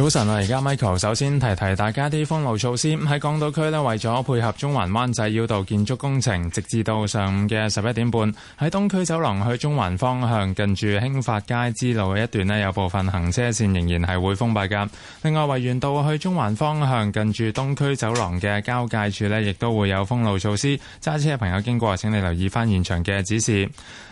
早晨啊！而家 Michael 首先提提大家啲封路措施。喺港島區咧，為咗配合中環灣仔繞道建築工程，直至到上午嘅十一點半，喺東區走廊去中環方向近住興發街支路嘅一段咧，有部分行車線仍然係會封閉噶。另外，維園道去中環方向近住東區走廊嘅交界處咧，亦都會有封路措施。揸車嘅朋友經過，請你留意翻現場嘅指示。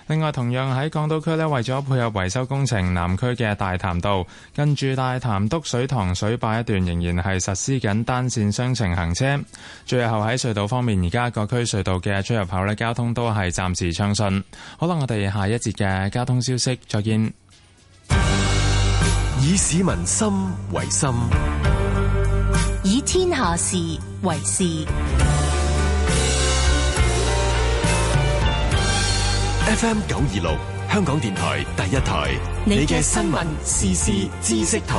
另外，同樣喺港島區咧，為咗配合維修工程，南區嘅大潭道跟住大潭篤水塘水壩一段仍然係實施緊單線雙程行車。最後喺隧道方面，而家各區隧道嘅出入口咧，交通都係暫時暢順。好啦，我哋下一節嘅交通消息再見。以市民心為心，以天下事為事。FM 九二六，香港電台第一台，你嘅新聞時事知識台，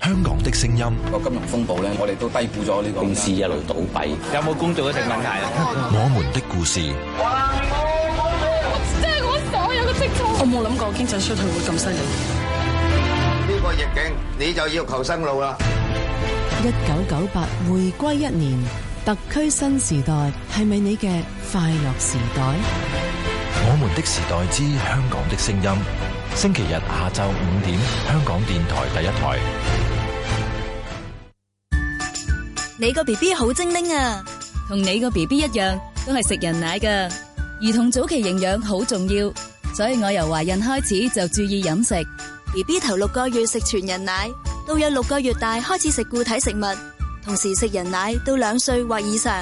香港的聲音。個金融風暴咧，我哋都低估咗呢個公司一路倒閉，有冇工作一定問題？我們的故事，我即係我所有嘅寄託。我冇諗過經濟衰退會咁犀利。呢個逆境，你就要求生路啦。一九九八回歸一年，特區新時代係咪你嘅快樂時代？我們的時代之香港的聲音，星期日下晝五點，香港電台第一台。你個 BB 好精靈啊，同你個 BB 一樣，都係食人奶㗎。兒童早期營養好重要，所以我由懷孕開始就注意飲食。BB 頭六個月食全人奶。到約六個月大開始食固體食物，同時食人奶到兩歲或以上，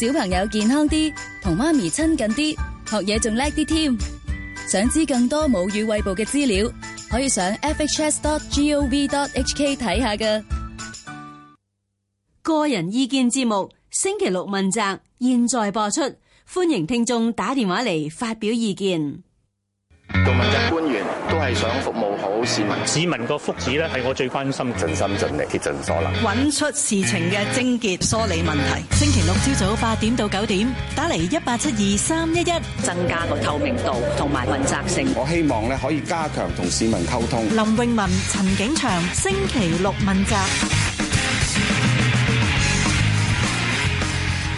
小朋友健康啲，同媽咪親近啲，學嘢仲叻啲添。想知更多母乳餵哺嘅資料，可以上 fhs.gov.hk 睇下㗎。個人意見節目，星期六問責，現在播出，歡迎聽眾打電話嚟發表意見。做問責官員都係想服務好市民，市民個福祉咧，係我最關心，盡心盡力竭盡所能，揾出事情嘅症結，梳理問題。星期六朝早八點到九點，打嚟一八七二三一一，增加個透明度同埋問責性。我希望咧可以加強同市民溝通。林詠雯、陳景祥，星期六問責。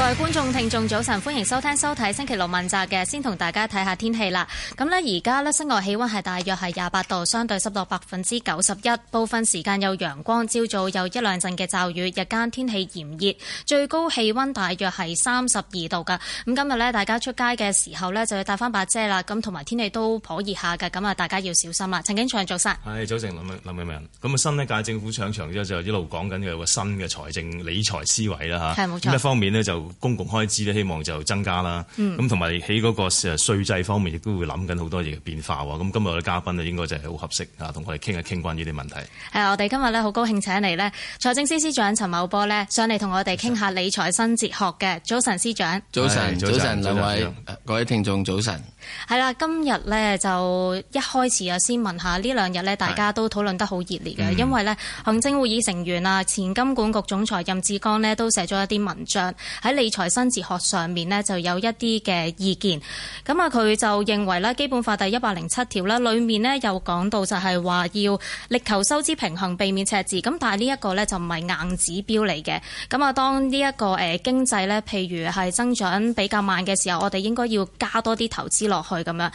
各位觀眾、聽眾，早晨，歡迎收聽收睇星期六問責嘅，先同大家睇下天氣啦。咁呢，而家呢室外氣温係大約係廿八度，相對濕度百分之九十一，部分時間有陽光，朝早有一兩陣嘅驟雨，日間天氣炎熱，最高氣温大約係三十二度㗎。咁今日呢，大家出街嘅時候呢，就要帶翻把遮啦。咁同埋天氣都頗熱下嘅，咁啊，大家要小心啦。陳景祥做晒，係、哎，早晨林詠林詠雯。咁啊，新一屆政府上場之後就一路講緊佢有個新嘅財政理財思維啦嚇。係，冇錯。一方面呢，就。公共開支咧，希望就增加啦。咁同埋喺嗰個稅制方面，亦都會諗緊好多嘢變化喎。咁今日嘅嘉賓呢，應該就係好合適啊，同我哋傾下傾關於啲問題。係，我哋今日呢，好高興請嚟呢財政司司長陳茂波呢，上嚟同我哋傾下理財新哲學嘅，早晨，司長。早晨，早晨，兩位各位聽眾早晨。係啦，今日呢就一開始啊，先問下呢兩日呢，大家都討論得好熱烈嘅、嗯，因為呢行政會議成員啊、前金管局總裁任志剛呢，都寫咗一啲文章喺。理財新哲學上面呢，就有一啲嘅意見。咁啊，佢就認為咧，基本法第一百零七條啦裏面呢，又講到就係話要力求收支平衡，避免赤字。咁但係呢一個呢，就唔係硬指標嚟嘅。咁啊，當呢一個誒經濟咧，譬如係增長比較慢嘅時候，我哋應該要加多啲投資落去咁樣。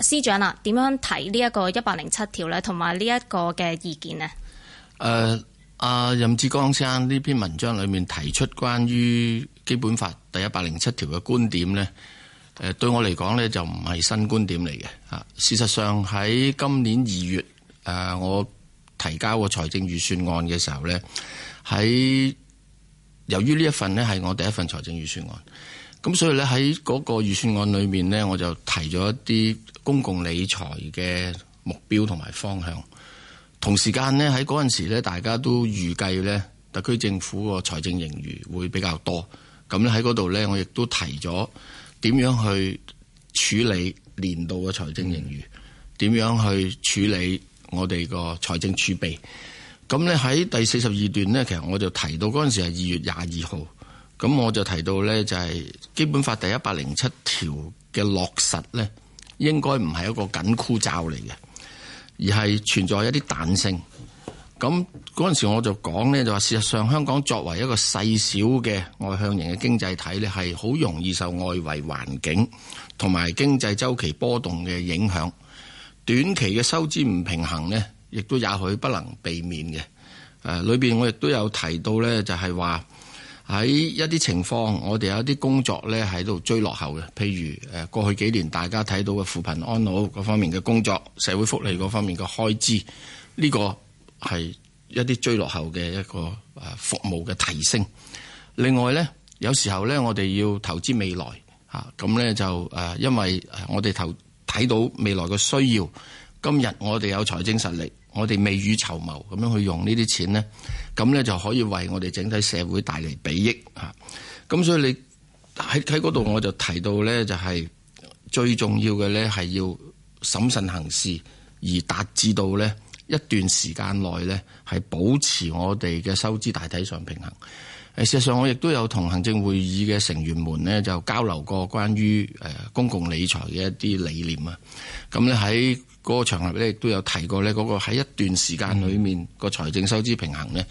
司長啊，點樣睇呢一個一百零七條呢？同埋呢一個嘅意見呢？誒、呃、阿、呃、任志剛先生呢篇文章裏面提出關於。基本法第一百零七條嘅觀點呢，誒對我嚟講呢，就唔係新觀點嚟嘅啊。事實上喺今年二月誒，我提交個財政預算案嘅時候呢，喺由於呢一份呢係我第一份財政預算案，咁所以呢，喺嗰個預算案裏面呢，我就提咗一啲公共理財嘅目標同埋方向。同時間呢，喺嗰陣時呢，大家都預計呢，特區政府個財政盈餘會比較多。咁喺嗰度呢，我亦都提咗點樣去處理年度嘅財政盈餘，點樣去處理我哋個財政儲備。咁呢喺第四十二段呢，其實我就提到嗰陣時係二月廿二號，咁我就提到呢，就係《基本法》第一百零七條嘅落實呢，應該唔係一個緊箍咒嚟嘅，而係存在一啲彈性。咁嗰陣時我就講呢，就話事實上香港作為一個細小嘅外向型嘅經濟體呢，係好容易受外圍環境同埋經濟周期波動嘅影響。短期嘅收支唔平衡呢，亦都也許不能避免嘅。誒，裏面我亦都有提到呢，就係話喺一啲情況，我哋有一啲工作呢喺度追落後嘅，譬如誒過去幾年大家睇到嘅扶貧安老嗰方面嘅工作、社會福利嗰方面嘅開支，呢個係。一啲追落後嘅一個服務嘅提升。另外呢，有時候呢，我哋要投資未來嚇咁呢，就因為我哋投睇到未來嘅需要。今日我哋有財政實力，我哋未雨綢繆咁樣去用呢啲錢呢，咁呢就可以為我哋整體社會帶嚟裨益嚇。咁所以你喺喺嗰度，我就提到呢，就係最重要嘅呢，係要審慎行事，而達至到呢。一段時間內呢，係保持我哋嘅收支大體上平衡。誒，事實上我亦都有同行政會議嘅成員們呢，就交流過關於公共理財嘅一啲理念啊。咁呢，喺嗰個場合呢，亦都有提過呢，嗰個喺一段時間裏面個財政收支平衡呢。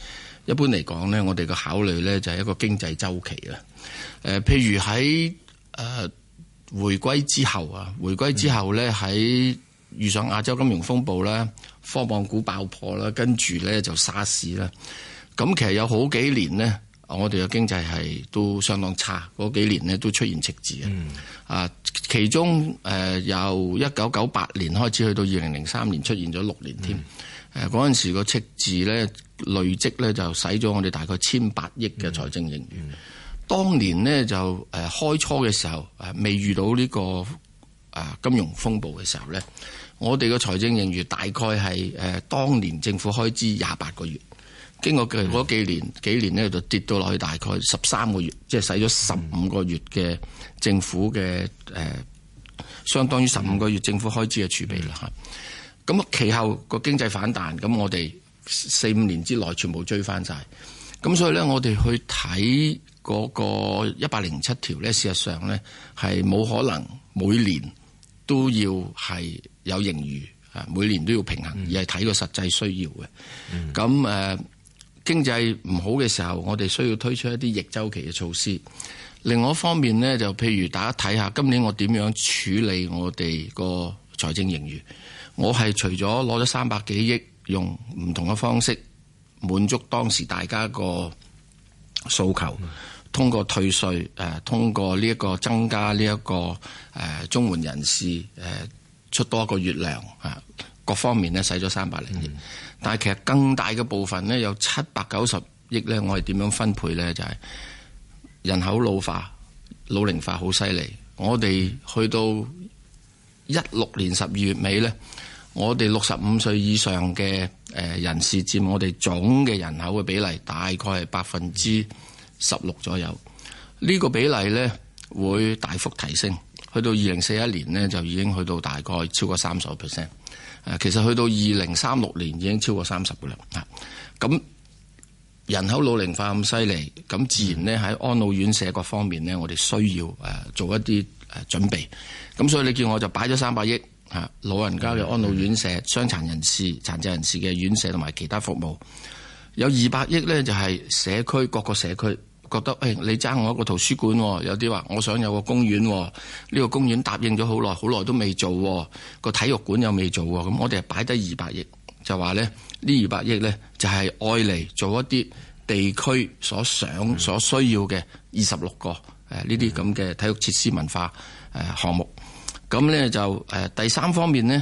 一般嚟講呢，我哋嘅考慮呢，就係一個經濟周期啊。譬如喺回歸之後啊，回歸之後呢，喺遇上亞洲金融風暴呢。科網股爆破啦，跟住咧就沙士啦。咁其實有好幾年呢，我哋嘅經濟係都相當差。嗰幾年呢都出現赤字嘅。啊、嗯，其中誒由一九九八年開始去到二零零三年，出現咗六年添。誒嗰陣時個赤字咧累積咧就使咗我哋大概千八億嘅財政盈餘。嗯、當年呢就誒開初嘅時候誒未遇到呢個。啊！金融風暴嘅時候呢，我哋個財政盈餘大概係誒當年政府開支廿八個月，經過嗰幾年幾年呢就跌到落去大概十三個月，即係使咗十五個月嘅政府嘅誒，相當於十五個月政府開支嘅儲備啦嚇。咁啊，其後個經濟反彈，咁我哋四五年之內全部追翻晒。咁所以呢，我哋去睇嗰個一百零七條呢，事實上呢係冇可能每年。都要係有盈餘，每年都要平衡，而係睇個實際需要嘅。咁、嗯、誒經濟唔好嘅時候，我哋需要推出一啲逆週期嘅措施。另外一方面呢，就譬如大家睇下今年我點樣處理我哋個財政盈餘，我係除咗攞咗三百幾億，用唔同嘅方式滿足當時大家個訴求。嗯通過退稅、啊，通過呢一個增加呢、這、一個誒綜援、啊、人士、啊、出多一個月糧啊，各方面呢使咗三百零，但係其實更大嘅部分呢，有七百九十億呢我哋點樣分配呢？就係、是、人口老化、老齡化好犀利。我哋去到一六年十二月尾呢，我哋六十五歲以上嘅人士佔我哋總嘅人口嘅比例大概係百分之十六左右，呢個比例呢會大幅提升，去到二零四一年呢，就已經去到大概超過三十個 percent。其實去到二零三六年已經超過三十個啦。咁人口老齡化咁犀利，咁自然呢喺安老院舍各方面呢，我哋需要做一啲誒準備。咁所以你見我就擺咗三百億老人家嘅安老院舍、傷殘人士、殘障人士嘅院舍同埋其他服務，有二百億呢就係社區各個社區。覺得誒，你爭我一個圖書館喎、哦，有啲話我想有個公園喎、哦，呢、這個公園答應咗好耐，好耐都未做個、哦、體育館又未做喎、哦，咁我哋擺低二百億，就話咧呢二百億咧就係愛嚟做一啲地區所想所需要嘅二十六個誒呢啲咁嘅體育設施文化誒、啊、項目。咁咧就、啊、第三方面呢，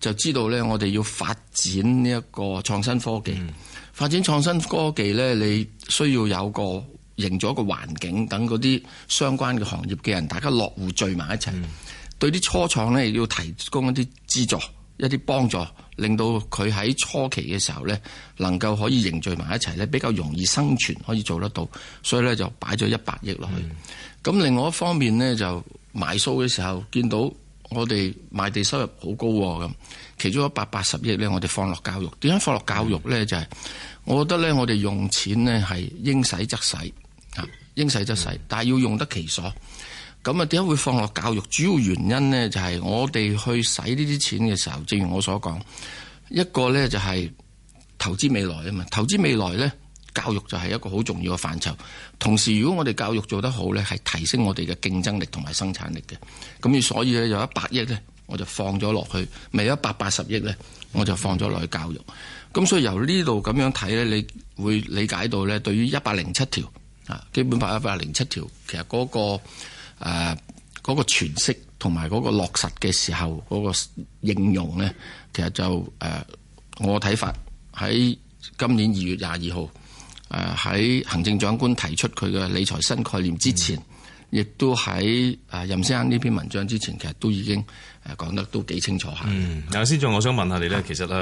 就知道咧我哋要發展呢一個創新科技、嗯，發展創新科技咧你需要有個。營造個環境，等嗰啲相關嘅行業嘅人，大家落戶聚埋一齊、嗯。對啲初創呢，要提供一啲資助、一啲幫助，令到佢喺初期嘅時候呢，能夠可以凝聚埋一齊呢比較容易生存，可以做得到。所以呢，就擺咗一百億落去。咁、嗯、另外一方面呢，就買數嘅時候見到我哋賣地收入好高喎，咁其中一百八十億呢，我哋放落教育。點解放落教育呢？就係、是、我覺得呢，我哋用錢呢，係應使則使。應使則使，但係要用得其所。咁啊，點解會放落教育？主要原因呢，就係我哋去使呢啲錢嘅時候，正如我所講，一個呢就係投資未來啊嘛。投資未來呢，教育就係一個好重要嘅範疇。同時，如果我哋教育做得好呢，係提升我哋嘅競爭力同埋生產力嘅。咁所以呢，有一百億呢，我就放咗落去，未有一百八十億呢，我就放咗落去教育。咁所以由呢度咁樣睇呢，你會理解到呢，對於一百零七條。啊，基本法一百零七條，其實嗰、那個誒嗰、呃那個詮釋同埋嗰個落實嘅時候嗰、那個應用咧，其實就誒、呃、我睇法喺今年二月廿二號誒喺行政長官提出佢嘅理財新概念之前，亦、嗯、都喺啊、呃、任先生呢篇文章之前，其實都已經誒講、呃、得都幾清楚下。嗯，任先生，我想問下你咧，其實誒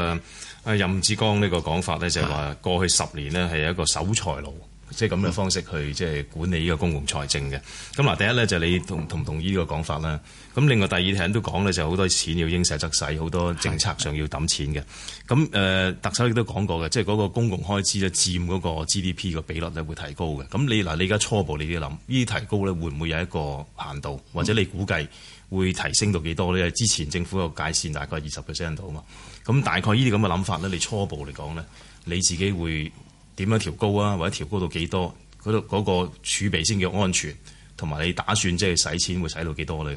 啊任志剛呢個講法咧，就係話過去十年呢，係一個守財奴。即係咁嘅方式去即係管理呢個公共財政嘅。咁、嗯、嗱，第一咧就係、你同同唔同意個呢個講法啦。咁另外第二，人都講咧，就好、是、多錢要應使則使，好多政策上要揼錢嘅。咁誒、呃，特首亦都講過嘅，即係嗰個公共開支咧佔嗰個 GDP 個比率咧會提高嘅。咁你嗱，你而家初步你都要諗，呢啲提高咧會唔會有一個限度，或者你估計會提升到幾多呢？之前政府個界線大概二十個 percent 度嘛。咁大概呢啲咁嘅諗法咧，你初步嚟講咧，你自己會？點樣調高啊？或者調高到幾多？嗰度嗰個儲備先叫安全，同埋你打算即係使錢會使到幾多咧？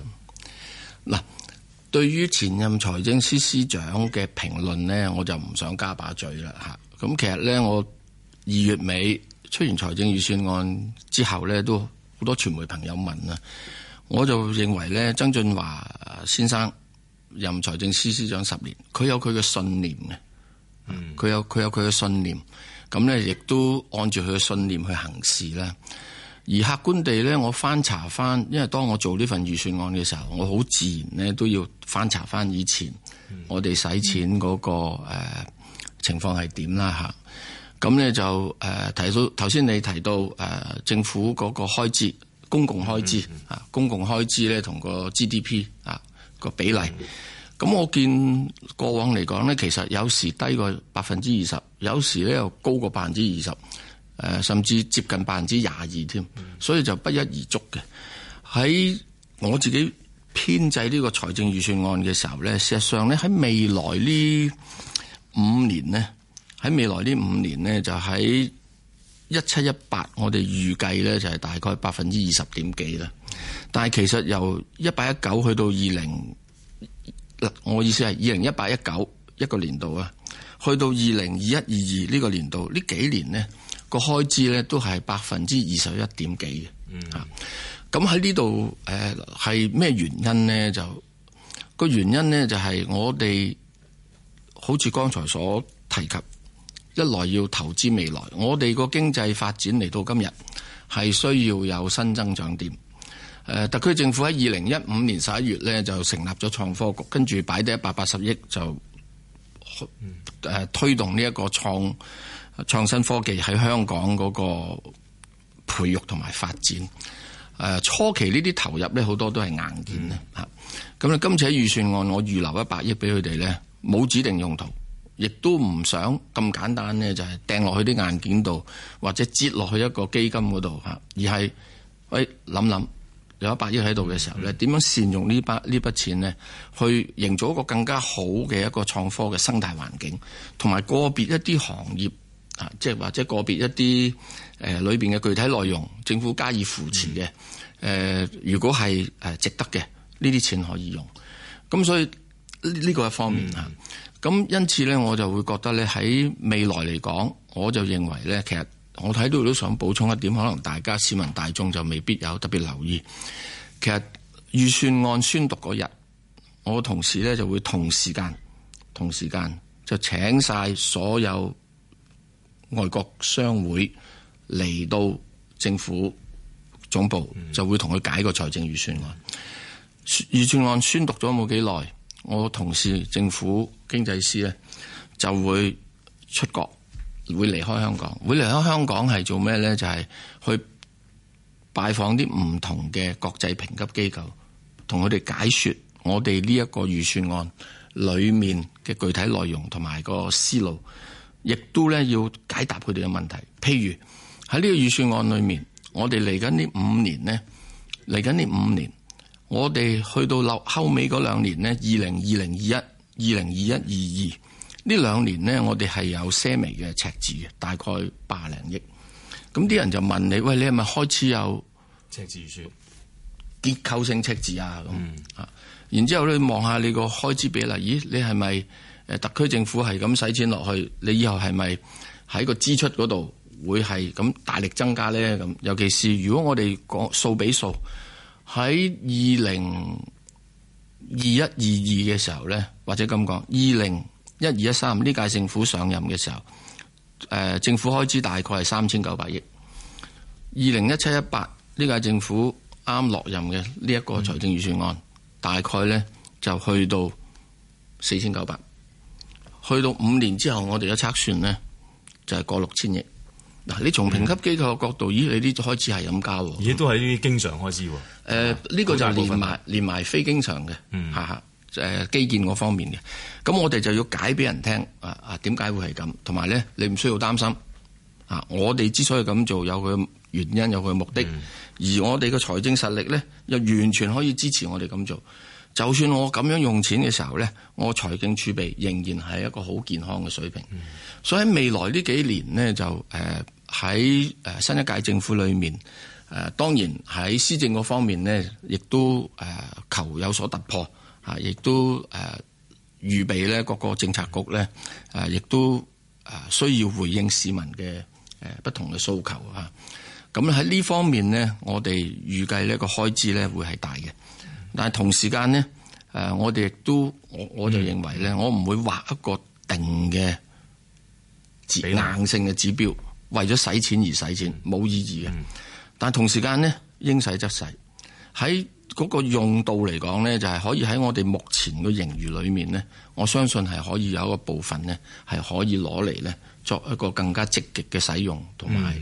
咁嗱，對於前任財政司司長嘅評論呢，我就唔想加把嘴啦嚇。咁其實呢，我二月尾出完財政預算案之後呢，都好多傳媒朋友問啊，我就認為呢，曾俊華先生任財政司司長十年，佢有佢嘅信念嘅，佢有佢有佢嘅信念。嗯，佢有佢有佢嘅信念。咁咧，亦都按住佢嘅信念去行事啦。而客觀地咧，我翻查翻，因為當我做呢份預算案嘅時候，我好自然咧都要翻查翻以前我哋使錢嗰個誒情況係點啦嚇。咁咧就誒提到頭先你提到誒政府嗰個開支，公共開支啊、嗯嗯，公共開支咧同個 GDP 啊個比例。咁我見過往嚟講呢，其實有時低過百分之二十，有時呢又高過百分之二十，誒，甚至接近百分之廿二添，所以就不一而足嘅。喺我自己編製呢個財政預算案嘅時候呢，事實上呢，喺未來呢五年呢，喺未來呢五年呢，就喺一七一八，我哋預計呢就係大概百分之二十點幾啦。但係其實由一八一九去到二零。我意思係二零一八一九一個年度啊，去到二零二一二二呢個年度，呢幾年呢個開支呢都係百分之二十一點幾嘅。嗯。咁喺呢度誒係咩原因呢？就個原因呢，就係我哋好似剛才所提及，一來要投資未來，我哋個經濟發展嚟到今日係需要有新增長點。誒，特區政府喺二零一五年十一月咧，就成立咗創科局，跟住擺低一百八十億就誒推動呢一個創創新科技喺香港嗰個培育同埋發展。誒初期呢啲投入咧，好多都係硬件啊。咁、嗯、咧，今次喺預算案，我預留一百億俾佢哋咧，冇指定用途，亦都唔想咁簡單呢，就係掟落去啲硬件度，或者摺落去一個基金嗰度吓，而係喂諗諗。想有一百億喺度嘅時候咧，點樣善用呢筆呢筆錢呢，去營造一個更加好嘅一個創科嘅生態環境，同埋個別一啲行業啊，即係或者個別一啲誒裏面嘅具體內容，政府加以扶持嘅誒、嗯，如果係值得嘅呢啲錢可以用，咁所以呢、呢個一方面嚇，咁因此咧，我就會覺得咧喺未來嚟講，我就認為咧，其實。我睇到都想補充一點，可能大家市民大眾就未必有特別留意。其實預算案宣讀嗰日，我同事咧就會同時間同時間就請晒所有外國商會嚟到政府總部，嗯、就會同佢解個財政預算案。預算案宣讀咗冇幾耐，我同事政府經濟師咧就會出國。會離開香港，會離開香港係做咩呢？就係去拜訪啲唔同嘅國際評級機構，同佢哋解説我哋呢一個預算案裏面嘅具體內容同埋個思路，亦都呢要解答佢哋嘅問題。譬如喺呢個預算案裏面，我哋嚟緊呢五年呢，嚟緊呢五年，我哋去到後尾嗰兩年呢，二零二零二一、二零二一二二。呢兩年呢，我哋係有些微嘅赤字嘅，大概八零億。咁啲人就問你，喂，你係咪開始有赤字？説結構性赤字啊？咁、嗯、啊，然之後你望下你個開支比例，咦，你係咪誒特區政府係咁使錢落去？你以後係咪喺個支出嗰度會係咁大力增加咧？咁尤其是如果我哋講數比數喺二零二一二二嘅時候咧，或者咁講二零。20... 一二一三呢屆政府上任嘅時候，誒、呃，政府開支大概係三千九百億。二零一七一八呢屆政府啱落任嘅呢一個財政預算案，嗯、大概咧就去到四千九百。去到五年之後，我哋一測算咧就係、是、過六千億。嗱，你從評級機構嘅角度、嗯，咦，你啲開支係咁加，亦都都係經常開支。誒、呃，呢、呃這個就係連埋連埋非經常嘅。吓、嗯、吓。哈哈誒基建嗰方面嘅，咁我哋就要解俾人聽啊，啊，點解會係咁？同埋咧，你唔需要擔心啊。我哋之所以咁做，有佢原因，有佢目的。嗯、而我哋嘅財政實力咧，又完全可以支持我哋咁做。就算我咁樣用錢嘅時候咧，我財政儲備仍然係一個好健康嘅水平。嗯、所以未來呢幾年呢，就誒喺、呃、新一屆政府裏面誒、呃，當然喺施政嗰方面呢，亦都誒、呃、求有所突破。嚇，亦都誒預備咧，各個政策局咧，誒亦都誒需要回應市民嘅誒不同嘅訴求啊！咁喺呢方面呢，我哋預計呢個開支咧會係大嘅。但係同時間呢，誒我哋亦都我我就認為咧、嗯，我唔會畫一個定嘅硬性嘅指標，為咗使錢而使錢冇意義嘅、嗯。但同時間呢，應使則使喺。嗰、那個用度嚟講咧，就係、是、可以喺我哋目前嘅盈餘裏面咧，我相信係可以有一個部分咧，係可以攞嚟咧作一個更加積極嘅使用同埋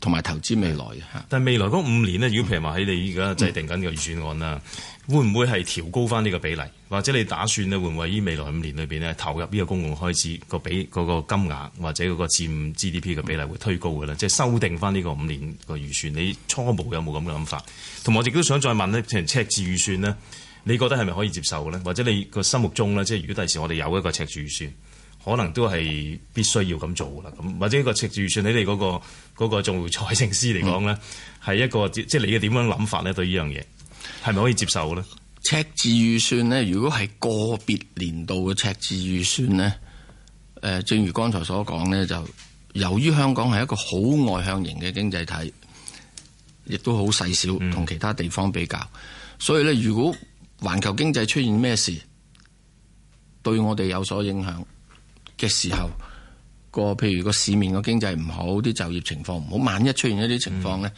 同埋投資未來嘅、嗯、但未來嗰五年咧，如果譬如話喺你而家制定緊嘅預算案啦。嗯嗯會唔會係調高翻呢個比例，或者你打算咧會唔會喺未來五年裏邊咧投入呢個公共開支個比嗰個金額或者嗰個佔 GDP 嘅比例會推高嘅呢、嗯？即係修訂翻呢個五年個預算，你初步有冇咁嘅諗法？同埋我亦都想再問呢譬如赤字預算呢，你覺得係咪可以接受呢？或者你個心目中呢？即係如果第時我哋有一個赤字預算，可能都係必須要咁做啦。咁或者呢個赤字預算喺你嗰、嗰個仲、嗰個做、嗰個、財政司嚟講呢，係、嗯、一個即係你嘅點樣諗法呢？對呢樣嘢？係咪可以接受呢？赤字預算呢，如果係個別年度嘅赤字預算呢、呃，正如剛才所講呢，就由於香港係一個好外向型嘅經濟體，亦都好細小同其他地方比較，嗯、所以呢，如果環球經濟出現咩事，對我哋有所影響嘅時候，個譬如個市面個經濟唔好，啲就業情況唔好，萬一出現一啲情況、嗯、呢。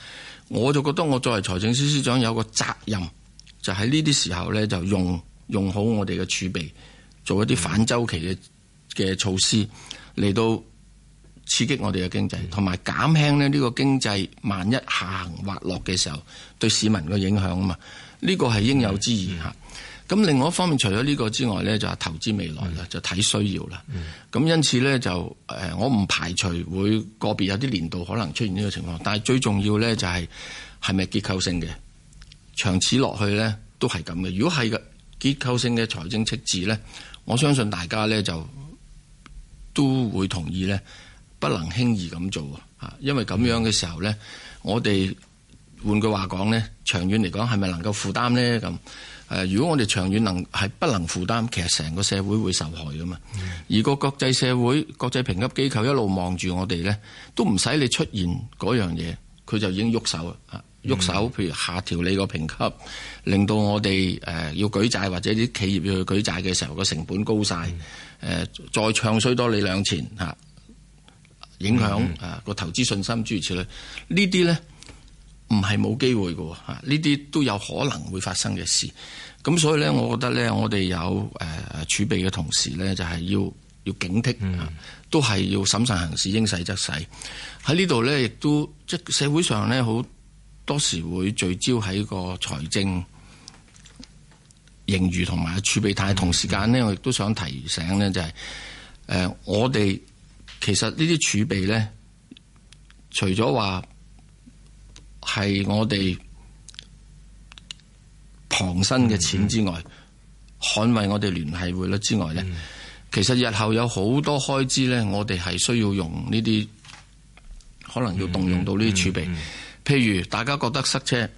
我就覺得我作為財政司司長有個責任，就喺呢啲時候呢就用用好我哋嘅儲備，做一啲反周期嘅嘅措施嚟到，刺激我哋嘅經濟，同埋減輕呢呢個經濟萬一下行滑落嘅時候對市民嘅影響啊嘛，呢個係應有之義。咁另外一方面，除咗呢個之外呢就係、是、投資未來啦、嗯，就睇需要啦。咁、嗯、因此呢，就我唔排除會個別有啲年度可能出現呢個情況，但係最重要呢，就係係咪結構性嘅。長此落去呢，都係咁嘅。如果係嘅結構性嘅財政赤字呢，我相信大家呢就都會同意呢，不能輕易咁做啊，因為咁樣嘅時候呢，我哋換句話講呢，長遠嚟講係咪能夠負擔呢？咁？誒，如果我哋長遠能係不能負擔，其實成個社會會受害噶嘛。而個國際社會、國際評級機構一路望住我哋呢，都唔使你出現嗰樣嘢，佢就已經喐手啊！喐手，譬如下調你個評級，令到我哋誒要舉債或者啲企業要去舉債嘅時候，個成本高晒，誒，再唱衰多你兩錢嚇，影響誒個投資信心諸如此類。呢啲呢。唔係冇機會嘅喎，呢啲都有可能會發生嘅事。咁所以咧，我覺得咧，我哋有誒儲備嘅同時咧，就係要要警惕，嗯、都係要審慎行事，應使則使。喺呢度咧，亦都即社會上咧，好多時會聚焦喺個財政盈餘同埋儲備，但同時間呢，我亦都想提醒咧、就是，就係誒我哋其實呢啲儲備咧，除咗話，係我哋傍身嘅錢之外，mm -hmm. 捍衛我哋聯繫匯率之外呢、mm -hmm. 其實日後有好多開支呢，我哋係需要用呢啲，可能要動用到呢啲儲備。Mm -hmm. 譬如大家覺得塞車，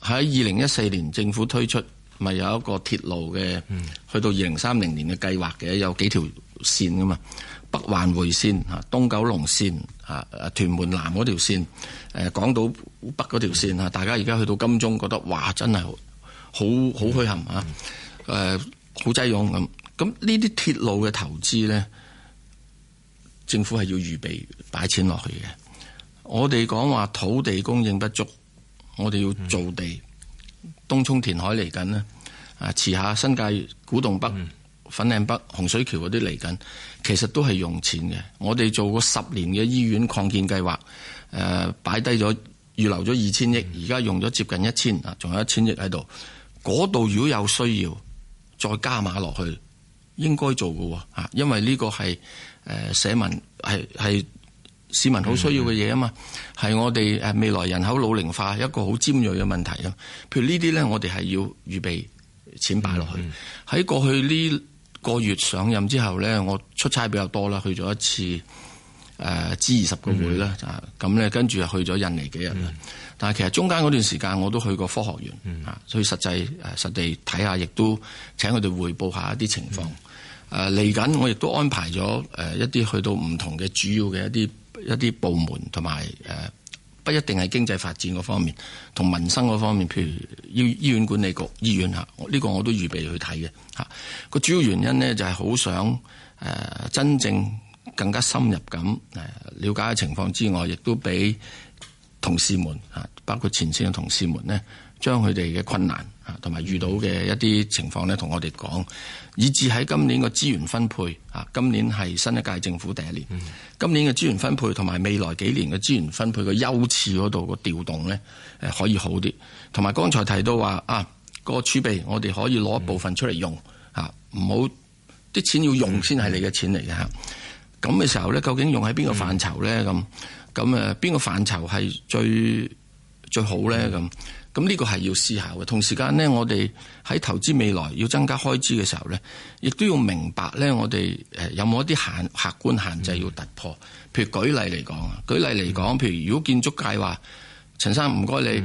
喺二零一四年政府推出，咪有一個鐵路嘅，mm -hmm. 去到二零三零年嘅計劃嘅，有幾條線㗎嘛。北環回線東九龍線啊，屯門南嗰條線，誒，港島北嗰條線啊，大家而家去到金鐘，覺得哇，真係好好好墟冚啊，誒，好擠擁咁。咁呢啲鐵路嘅投資咧，政府係要預備擺錢落去嘅。我哋講話土地供應不足，我哋要做地，嗯、東涌填海嚟緊呢啊，遲下新界古洞北、嗯、粉嶺北、洪水橋嗰啲嚟緊。其實都係用錢嘅，我哋做過十年嘅醫院擴建計劃，誒擺低咗預留咗二千億，而家用咗接近一千啊，仲有一千億喺度。嗰度如果有需要，再加碼落去，應該做㗎吓，因為呢個係誒、呃、社民係係市民好需要嘅嘢啊嘛，係、嗯、我哋誒未來人口老齡化一個好尖銳嘅問題啊。譬如這些呢啲咧，我哋係要預備錢擺落去喺、嗯嗯、過去呢，個月上任之後呢，我出差比較多啦，去咗一次誒，G20 個會啦，咁呢，跟住又去咗印尼幾日啦。Mm -hmm. 但係其實中間嗰段時間，我都去過科學院，啊、mm -hmm.，所以實際誒實地睇下，亦都請佢哋匯報一下一啲情況。誒嚟緊，我亦都安排咗誒一啲去到唔同嘅主要嘅一啲一啲部門同埋誒。呃不一定係經濟發展嗰方面，同民生嗰方面，譬如醫醫院管理局醫院嚇，呢個我都預備去睇嘅嚇。個主要原因呢，就係好想誒真正更加深入咁了解嘅情況之外，亦都俾同事們嚇，包括前線嘅同事們呢，將佢哋嘅困難嚇同埋遇到嘅一啲情況呢，同我哋講。以至喺今年嘅資源分配，啊，今年係新一屆政府第一年，今年嘅資源分配同埋未來幾年嘅資源分配嘅優次嗰度個調動咧，誒可以好啲。同埋剛才提到話啊，個儲備我哋可以攞一部分出嚟用，嚇唔好啲錢要用先係你嘅錢嚟嘅嚇。咁、嗯、嘅時候咧，究竟用喺邊個範疇咧？咁咁誒邊個範疇係最最好咧？咁？咁、這、呢個係要思考嘅。同時間呢，我哋喺投資未來要增加開支嘅時候呢，亦都要明白呢，我哋誒有冇一啲限客觀限制要突破。譬、嗯、如舉例嚟講，舉例嚟講，譬如如果建築界話，陳生唔該你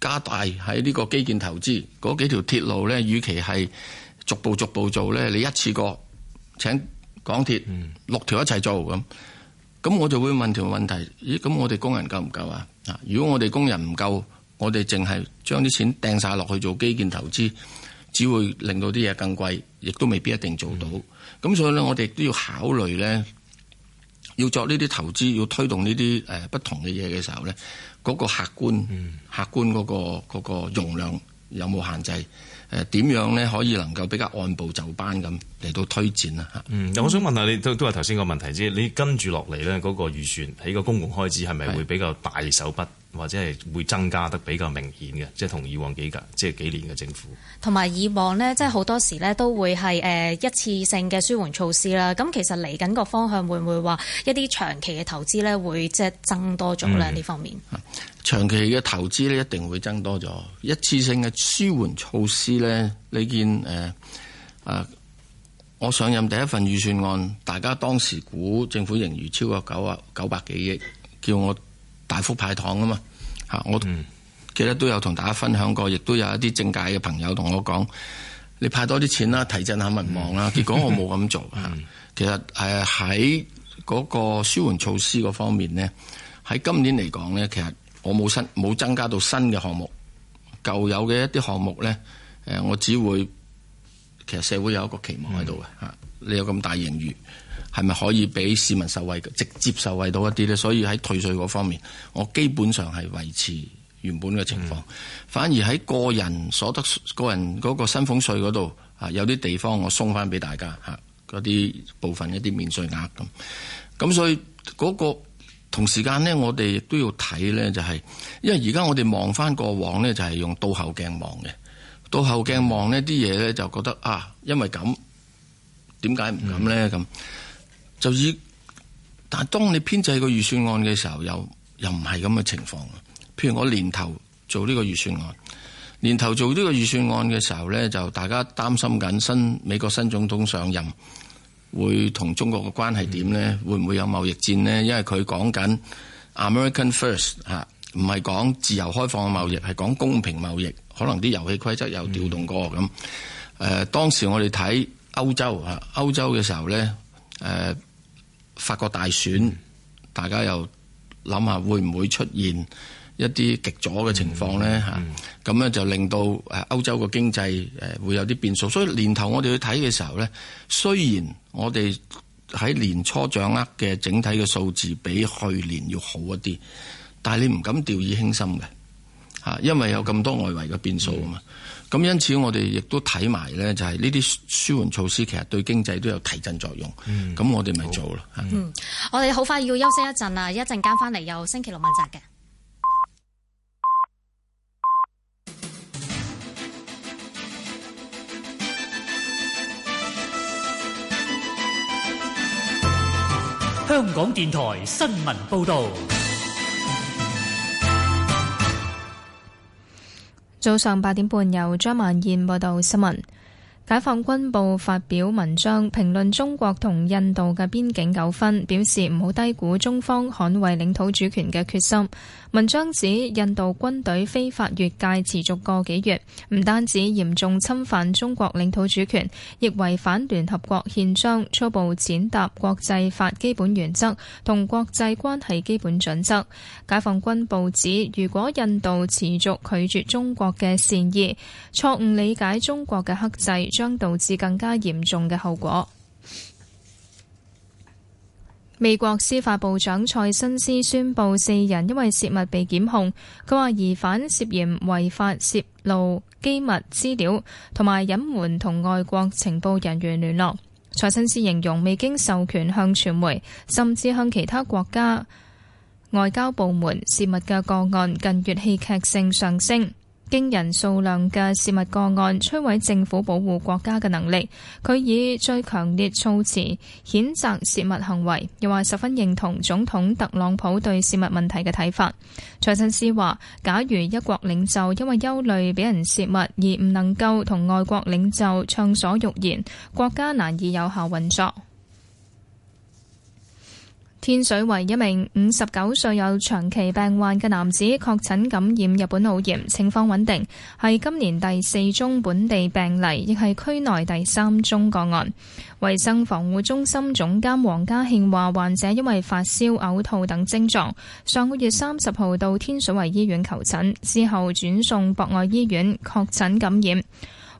加大喺呢個基建投資嗰、嗯、幾條鐵路呢，與其係逐步逐步做呢，你一次過請港鐵、嗯、六條一齊做咁，咁我就會問條問題：咦？咁我哋工人夠唔夠啊？啊！如果我哋工人唔夠？我哋淨係將啲錢掟晒落去做基建投資，只會令到啲嘢更貴，亦都未必一定做到。咁、嗯、所以咧、嗯，我哋都要考慮咧，要作呢啲投資，要推動呢啲誒不同嘅嘢嘅時候咧，嗰、嗰個客觀、嗯、客觀嗰、嗰個嗰個容量有冇限制？誒、呃、點樣咧可以能夠比較按部就班咁嚟到推展啊？嗯，我想問下你、嗯、都都係頭先個問題啫。你跟住落嚟咧，嗰個預算喺個公共開支係咪會比較大手筆？或者係會增加得比較明顯嘅，即係同以往幾個即係幾年嘅政府。同埋以往呢，即係好多時呢，都會係誒一次性嘅舒緩措施啦。咁其實嚟緊個方向會唔會話一啲長期嘅投資呢？會即係增多咗呢？呢方面，長期嘅投資呢，一定會增多咗。一次性嘅舒緩措施呢，你見誒啊、呃呃！我上任第一份預算案，大家當時估政府盈餘超過九啊九百幾億，叫我。大幅派糖啊嘛嚇！我記得都有同大家分享過，亦都有一啲政界嘅朋友同我講：你派多啲錢啦，提振下民望啦、嗯。結果我冇咁做嚇、嗯。其實誒喺嗰個舒緩措施嗰方面咧，喺今年嚟講咧，其實我冇新冇增加到新嘅項目，舊有嘅一啲項目咧，誒我只會其實社會有一個期望喺度嘅嚇，你有咁大盈餘。係咪可以俾市民受惠，直接受惠到一啲呢？所以喺退稅嗰方面，我基本上係維持原本嘅情況、嗯，反而喺個人所得、個人嗰個薪俸稅嗰度，啊有啲地方我鬆翻俾大家吓，嗰啲部分一啲免稅額咁。咁所以嗰、嗰個同時間呢，我哋亦都要睇呢、就係，就係因為而家我哋望翻過往呢，就係用倒後鏡望嘅，倒後鏡望呢啲嘢呢，就覺得啊，因為咁，點解唔敢呢？咁、嗯？就以，但當你編製個預算案嘅時候，又又唔係咁嘅情況。譬如我年頭做呢個預算案，年頭做呢個預算案嘅時候咧，就大家擔心緊新美國新總統上任會同中國嘅關係點咧，會唔會有貿易戰呢？因為佢講緊 American First 吓，唔係講自由開放嘅貿易，係講公平貿易。可能啲遊戲規則又調動過咁。誒、嗯嗯，當時我哋睇歐洲吓，歐洲嘅時候咧，誒、呃。法國大選，大家又諗下會唔會出現一啲極左嘅情況呢？嚇、嗯？咁、嗯、咧就令到誒歐洲嘅經濟誒會有啲變數。所以年頭我哋去睇嘅時候呢，雖然我哋喺年初掌握嘅整體嘅數字比去年要好一啲，但係你唔敢掉以輕心嘅嚇，因為有咁多外圍嘅變數啊嘛。嗯嗯。咁因此我哋亦都睇埋咧，就係呢啲舒緩措施其實對經濟都有提振作用。咁、嗯、我哋咪做咯。嗯，我哋好快要休息一陣啦，一陣間翻嚟又星期六問責嘅。香港電台新聞報導。早上八點半，由張曼燕報道新聞。解放軍報發表文章評論中國同印度嘅邊境糾紛，表示唔好低估中方捍衛領土主權嘅決心。文章指印度軍隊非法越界持續個幾月，唔單止嚴重侵犯中國領土主權，亦違反聯合國憲章、初步踐踏國際法基本原則同國際關係基本準則。解放軍報指，如果印度持續拒絕中國嘅善意，錯誤理解中國嘅克制。將導致更加嚴重嘅後果。美國司法部長塞申斯宣布四人因為泄密被檢控。佢話疑犯涉嫌違法泄露機密資料，同埋隱瞞同外國情報人員聯絡。塞申斯形容未經授權向傳媒，甚至向其他國家外交部門泄密嘅個案，近月戲劇性上升。驚人數量嘅洩密個案，摧毀政府保護國家嘅能力。佢以最強烈措辭譴責洩密行為，又話十分認同總統特朗普對洩密問題嘅睇法。財政司話，假如一國領袖因為憂慮俾人洩密而唔能夠同外國領袖暢所欲言，國家難以有效運作。天水圍一名五十九歲有長期病患嘅男子確診感染日本腦炎，情況穩定，係今年第四宗本地病例，亦係區內第三宗個案。衛生防護中心總監黃加慶話，患者因為發燒、嘔吐等症狀，上個月三十號到天水圍醫院求診，之後轉送博愛醫院確診感染。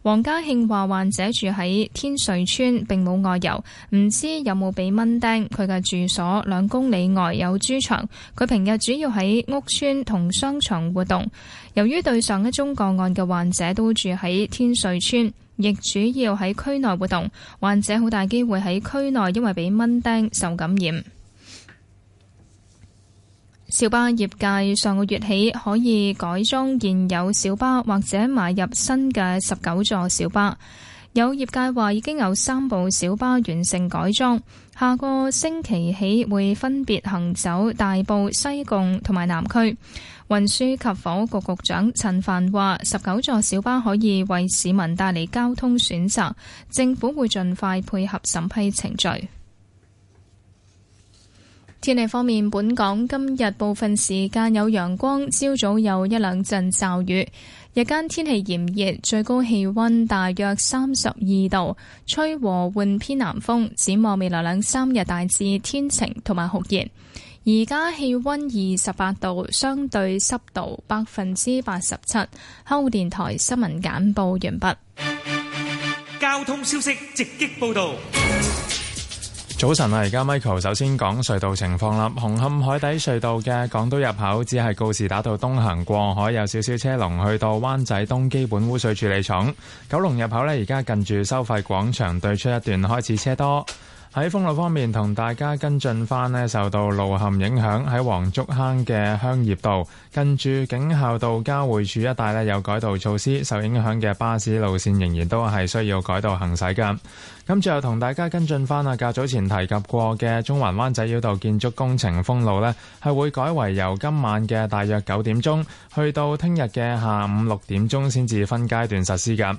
黃家慶話：患者住喺天瑞村，並冇外遊，唔知有冇被蚊叮。佢嘅住所兩公里外有豬場，佢平日主要喺屋村同商場活動。由於對上一宗個案嘅患者都住喺天瑞村，亦主要喺區內活動，患者好大機會喺區內因為被蚊叮受感染。小巴業界上個月起可以改裝現有小巴或者買入新嘅十九座小巴，有業界話已經有三部小巴完成改裝，下個星期起會分別行走大埔、西貢同埋南區。運輸及火局局長陳帆話：十九座小巴可以為市民帶嚟交通選擇，政府會盡快配合審批程序。天氣方面，本港今日部分時間有陽光，朝早有一兩陣驟雨，日間天氣炎熱，最高氣温大約三十二度，吹和緩偏南風。展望未來兩三日大致天晴同埋酷熱。而家氣温二十八度，相對濕度百分之八十七。香港電台新聞簡報完畢。交通消息直擊報道。早晨啊，而家 Michael 首先講隧道情況啦。紅磡海底隧道嘅港島入口只係告士打道東行過海有少少車龍，去到灣仔東基本污水處理廠。九龍入口咧，而家近住收費廣場對出一段開始車多。喺封路方面，同大家跟進返受到路陷影響喺黃竹坑嘅鄉業道近住警校道交匯處一帶有改道措施，受影響嘅巴士路線仍然都係需要改道行駛嘅。咁最後同大家跟進返啊，較早前提及過嘅中環灣仔繞道建築工程封路咧，係會改為由今晚嘅大約九點鐘去到聽日嘅下午六點鐘先至分階段實施嘅。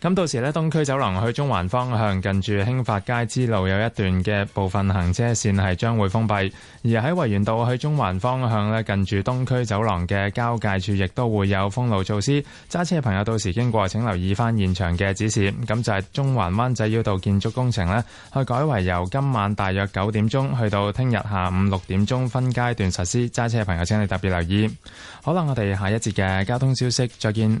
咁到時呢東區走廊去中環方向，近住興發街支路有一段嘅部分行車線係將會封閉。而喺維園道去中環方向呢，近住東區走廊嘅交界處，亦都會有封路措施。揸車嘅朋友到時經過，請留意翻現場嘅指示。咁就係中環灣仔繞道建築工程呢，佢改為由今晚大約九點鐘去到聽日下午六點鐘分階段實施。揸車嘅朋友，請你特別留意。好啦，我哋下一節嘅交通消息，再見。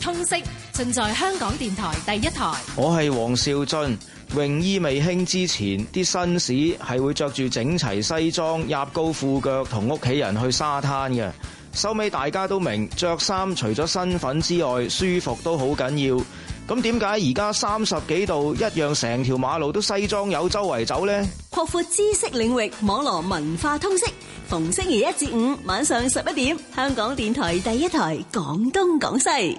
通識盡在香港電台第一台。我係黃兆俊，泳衣未興之前，啲紳士係會着住整齊西裝、壓高褲腳，同屋企人去沙灘嘅。收尾大家都明，着衫除咗身份之外，舒服都好緊要。咁點解而家三十幾度，一樣成條馬路都西裝有周圍走呢？擴闊知識領域，網羅文化通識。逢星期一至五晚上十一點，香港電台第一台，講東講西。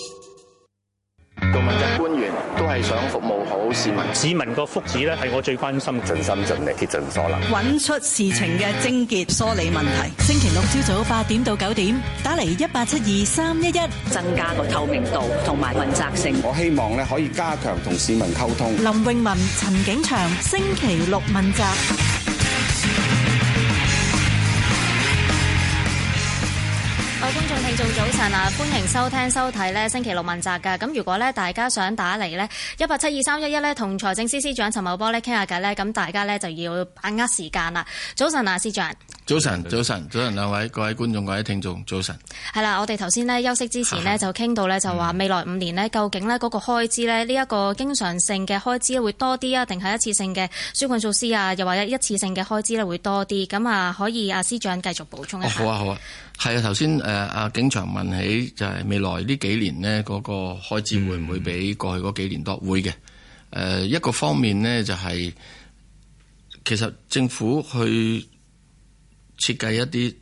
想服務好市民，市民個福祉咧係我最關心，盡心盡力竭盡所能，揾出事情嘅症結，梳理問題。星期六朝早八點到九點，打嚟一八七二三一一，增加個透明度同埋問責性。我希望咧可以加強同市民溝通。林詠雯、陳景祥，星期六問責。各位早晨啊，歡迎收聽收睇呢星期六問責噶。咁如果呢大家想打嚟，呢一八七二三一一呢同財政司司長陳茂波呢傾下偈呢，咁大家呢就要把握，握時間啦。早晨啊，司長。早晨，早晨，早晨，兩位各位觀眾、各位聽眾，早晨。係啦，我哋頭先咧休息之前咧就傾到咧就話未來五年咧、嗯，究竟咧嗰個開支咧呢一個經常性嘅開支會多啲啊，定係一次性嘅紓困措施啊，又或者一次性嘅開支咧會多啲。咁啊，可以阿司長繼續補充一下、哦。好啊，好啊，係啊，頭先誒阿景祥問起就係、是、未來呢幾年咧嗰個開支會唔會比過去嗰幾年多？嗯、會嘅。誒、呃，一個方面咧就係、是，其實政府去。設計一啲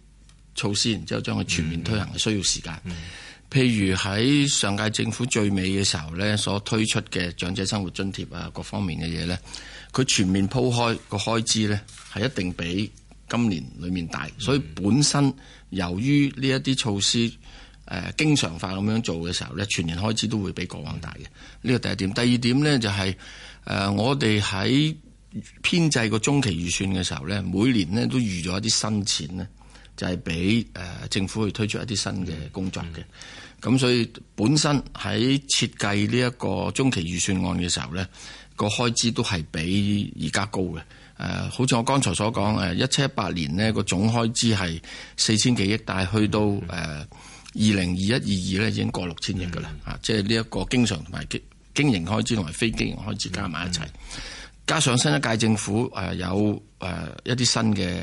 措施，然之後將佢全面推行，係需要時間。Mm -hmm. 譬如喺上屆政府最尾嘅時候呢，所推出嘅長者生活津貼啊，各方面嘅嘢呢，佢全面鋪開個開支呢，係一定比今年裡面大。所以本身由於呢一啲措施誒經常化咁樣做嘅時候呢，全年開支都會比過往大嘅。呢、mm、個 -hmm. 第一點。第二點呢、就係，就係我哋喺編制個中期預算嘅時候呢，每年呢都預咗一啲新錢呢，就係俾誒政府去推出一啲新嘅工作嘅。咁、嗯、所以本身喺設計呢一個中期預算案嘅時候呢，個開支都係比而家高嘅。誒，好似我剛才所講誒，一七一八年呢個總開支係四千幾億，但係去到誒二零二一二二呢已經過六千億噶啦、嗯。即係呢一個經常同埋經營開支同埋非經營開支加埋一齊。嗯嗯加上新一屆政府誒有誒一啲新嘅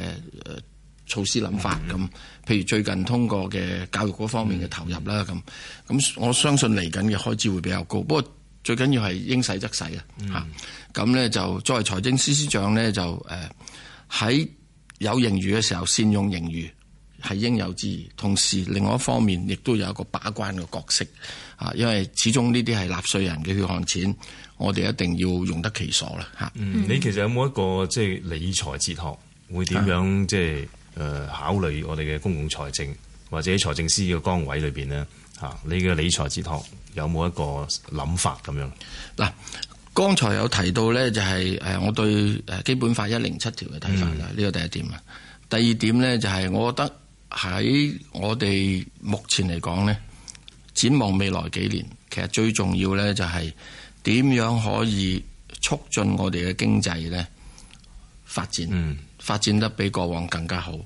措施諗法咁，mm -hmm. 譬如最近通過嘅教育嗰方面嘅投入啦咁，咁、mm -hmm. 我相信嚟緊嘅開支會比較高。不過最緊要係應使則使啊嚇。咁呢就作為財政司司長呢，就誒喺有盈餘嘅時候善用盈餘係應有之義。同時另外一方面亦都有一個把關嘅角色啊，因為始終呢啲係納稅人嘅血汗錢。我哋一定要用得其所啦吓。嗯，你其實有冇一個即係理財哲學，會點樣即係誒考慮我哋嘅公共財政或者財政司嘅崗位裏邊呢？吓？你嘅理財哲學有冇一個諗法咁樣？嗱、嗯，剛才有提到呢，就係誒我對誒基本法一零七條嘅睇法啦。呢、嗯、個第一點啊，第二點呢，就係我覺得喺我哋目前嚟講呢，展望未來幾年，其實最重要呢就係、是。點樣可以促進我哋嘅經濟咧發展？發展得比過往更加好，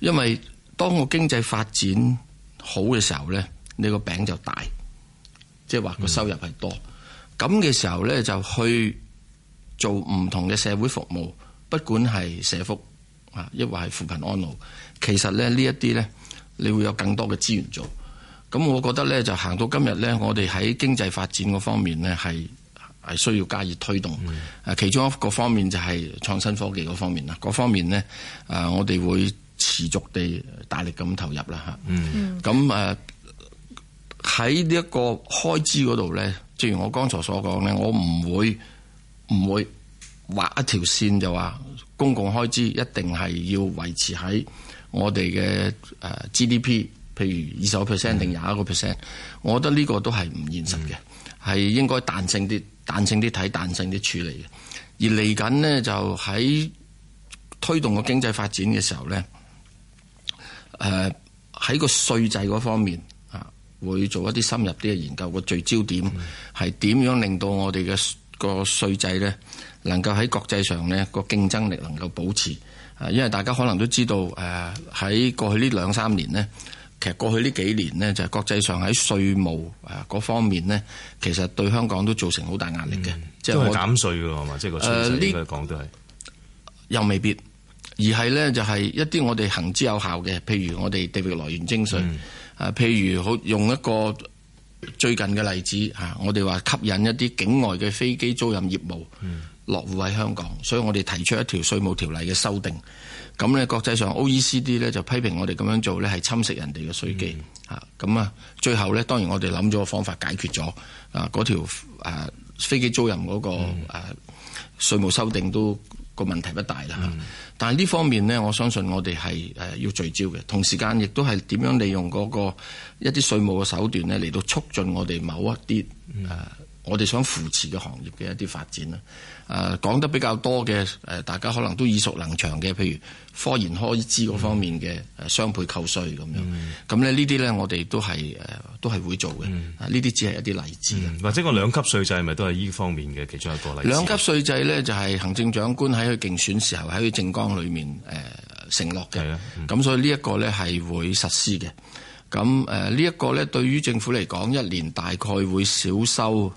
因為當個經濟發展好嘅時候呢，你個餅就大，即係話個收入係多。咁、嗯、嘅時候呢，就去做唔同嘅社會服務，不管係社福啊，亦或係扶貧安老，其實咧呢一啲呢，你會有更多嘅資源做。咁我覺得咧，就行到今日咧，我哋喺經濟發展嗰方面咧，係係需要加以推動。誒，其中一個方面就係創新科技嗰方面啦。嗰方面咧，誒，我哋會持續地大力咁投入啦吓，咁誒喺呢一個開支嗰度咧，正如我剛才所講咧，我唔會唔會畫一條線就話公共開支一定係要維持喺我哋嘅誒 GDP。譬如二十個 percent 定廿一個 percent，我覺得呢個都係唔現實嘅，係、嗯、應該彈性啲，彈性啲睇，彈性啲處理嘅。而嚟緊呢，就喺推動個經濟發展嘅時候呢，誒、呃、喺個稅制嗰方面啊，會做一啲深入啲嘅研究。個聚焦點係點樣令到我哋嘅個稅制呢，能夠喺國際上呢、呢個競爭力能夠保持啊？因為大家可能都知道誒喺、啊、過去呢兩三年呢。其實過去呢幾年呢，就係、是、國際上喺稅務啊嗰方面呢，其實對香港都造成好大壓力嘅。即係減稅㗎嘛，即、就、係、是啊這個政策嚟講都係又未必，而係呢，就係、是、一啲我哋行之有效嘅，譬如我哋地域來源徵稅、嗯、啊，譬如好用一個最近嘅例子嚇、啊，我哋話吸引一啲境外嘅飛機租賃業務。嗯落戶喺香港，所以我哋提出一條稅務條例嘅修訂，咁呢國際上 O E C D 呢就批評我哋咁樣做呢係侵蝕人哋嘅稅基。嚇咁啊，最後呢，當然我哋諗咗個方法解決咗，啊嗰條誒飛機租賃嗰、那個誒、嗯啊、稅務修訂都個問題不大啦，嗯、但係呢方面呢，我相信我哋係誒要聚焦嘅，同時間亦都係點樣利用嗰個一啲稅務嘅手段呢嚟到促進我哋某一啲誒。嗯啊我哋想扶持嘅行業嘅一啲發展啦，誒、啊、講得比較多嘅、呃、大家可能都耳熟能詳嘅，譬如科研開支嗰方面嘅、嗯、雙倍扣稅咁樣，咁、嗯、咧呢啲咧我哋都係、呃、都係會做嘅，呢、嗯、啲只係一啲例子或者個兩級稅制係咪都係依方面嘅其中一個例子？兩級稅制咧就係、是、行政長官喺佢競選時候喺佢政綱裏面誒、呃、承諾嘅，咁、嗯、所以呢一個咧係會實施嘅。咁、呃這個、呢一個咧對於政府嚟講，一年大概會少收。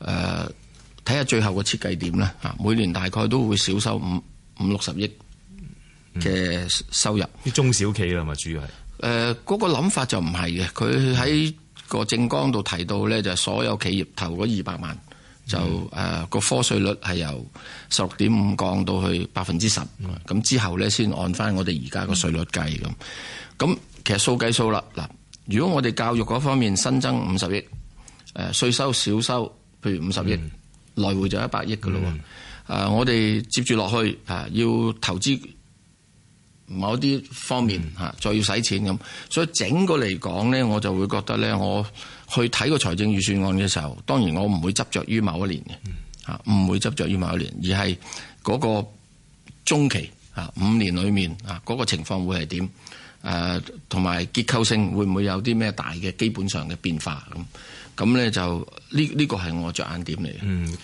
誒睇下最後個設計點啦。每年大概都會少收五五六十億嘅收入。啲、嗯、中小企啦，咪主要係誒嗰個諗法就唔係嘅。佢喺個政綱度提到咧，就係、所有企業投嗰二百萬就誒個、嗯啊、科稅率係由十六點五降到去百分之十。咁之後咧，先按翻我哋而家個稅率計咁。咁、嗯、其實數計數啦。嗱，如果我哋教育嗰方面新增五十億誒、呃、稅收少收。譬如五十億來、嗯、回就一百億㗎咯喎，啊，我哋接住落去啊，要投資某啲方面再、嗯、要使錢咁，所以整個嚟講咧，我就會覺得咧，我去睇個財政預算案嘅時候，當然我唔會執着於某一年嘅唔、嗯、會執着於某一年，而係嗰個中期啊五年裏面啊嗰、嗰個情況會係點？誒同埋結構性會唔會有啲咩大嘅基本上嘅變化咁咁咧就呢呢個係我着眼點嚟嘅。嗯，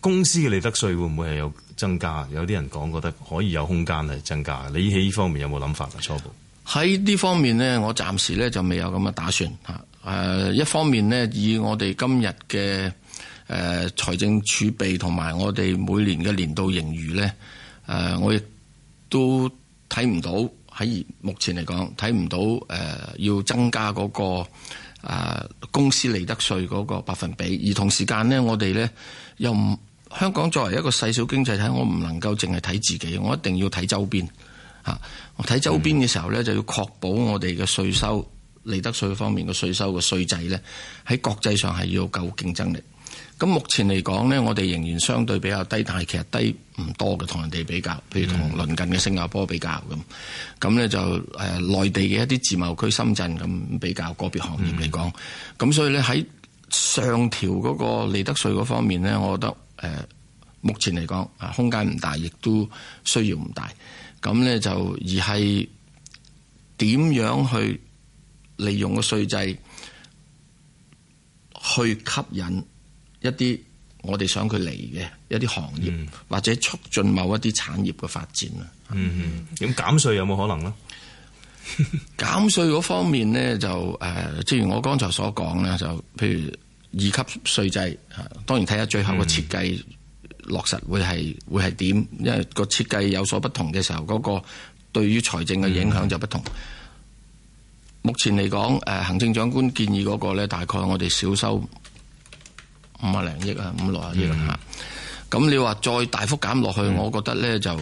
公司嘅利得稅會唔會係有增加？有啲人講覺得可以有空間係增加。你喺呢方面有冇諗法啊？初步喺呢方面呢，我暫時咧就未有咁嘅打算嚇。誒、呃、一方面呢，以我哋今日嘅誒財政儲備同埋我哋每年嘅年度盈餘咧，誒、呃、我亦都睇唔到。喺目前嚟講，睇唔到誒要增加嗰個公司利得稅嗰個百分比，而同時間呢，我哋呢又唔香港作為一個細小經濟體，我唔能夠淨係睇自己，我一定要睇周邊嚇。我睇周邊嘅時候呢，就要確保我哋嘅稅收利得稅方面嘅稅收嘅稅制呢，喺國際上係要有夠競爭力。咁目前嚟講咧，我哋仍然相對比較低，但係其實低唔多嘅，同人哋比較，譬如同鄰近嘅新加坡比較，咁，咁咧就誒內地嘅一啲自貿區深圳咁比較個別行業嚟講，咁所以咧喺上調嗰個利得稅嗰方面咧，我覺得誒目前嚟講啊空間唔大，亦都需要唔大，咁咧就而係點樣去利用個稅制去吸引一啲我哋想佢嚟嘅一啲行業、嗯，或者促進某一啲產業嘅發展啊。嗯嗯，咁減稅有冇可能呢？減稅嗰方面呢，就誒、呃、即如我剛才所講啦，就譬如二級稅制，當然睇下最後個設計落實會係、嗯、會係點，因為個設計有所不同嘅時候，嗰、嗰個對於財政嘅影響就不同。嗯、目前嚟講誒行政長官建議嗰、嗰個咧，大概我哋少收。五啊零億啊，五六啊億啊，咁、嗯、你話再大幅減落去、嗯，我覺得呢就誒、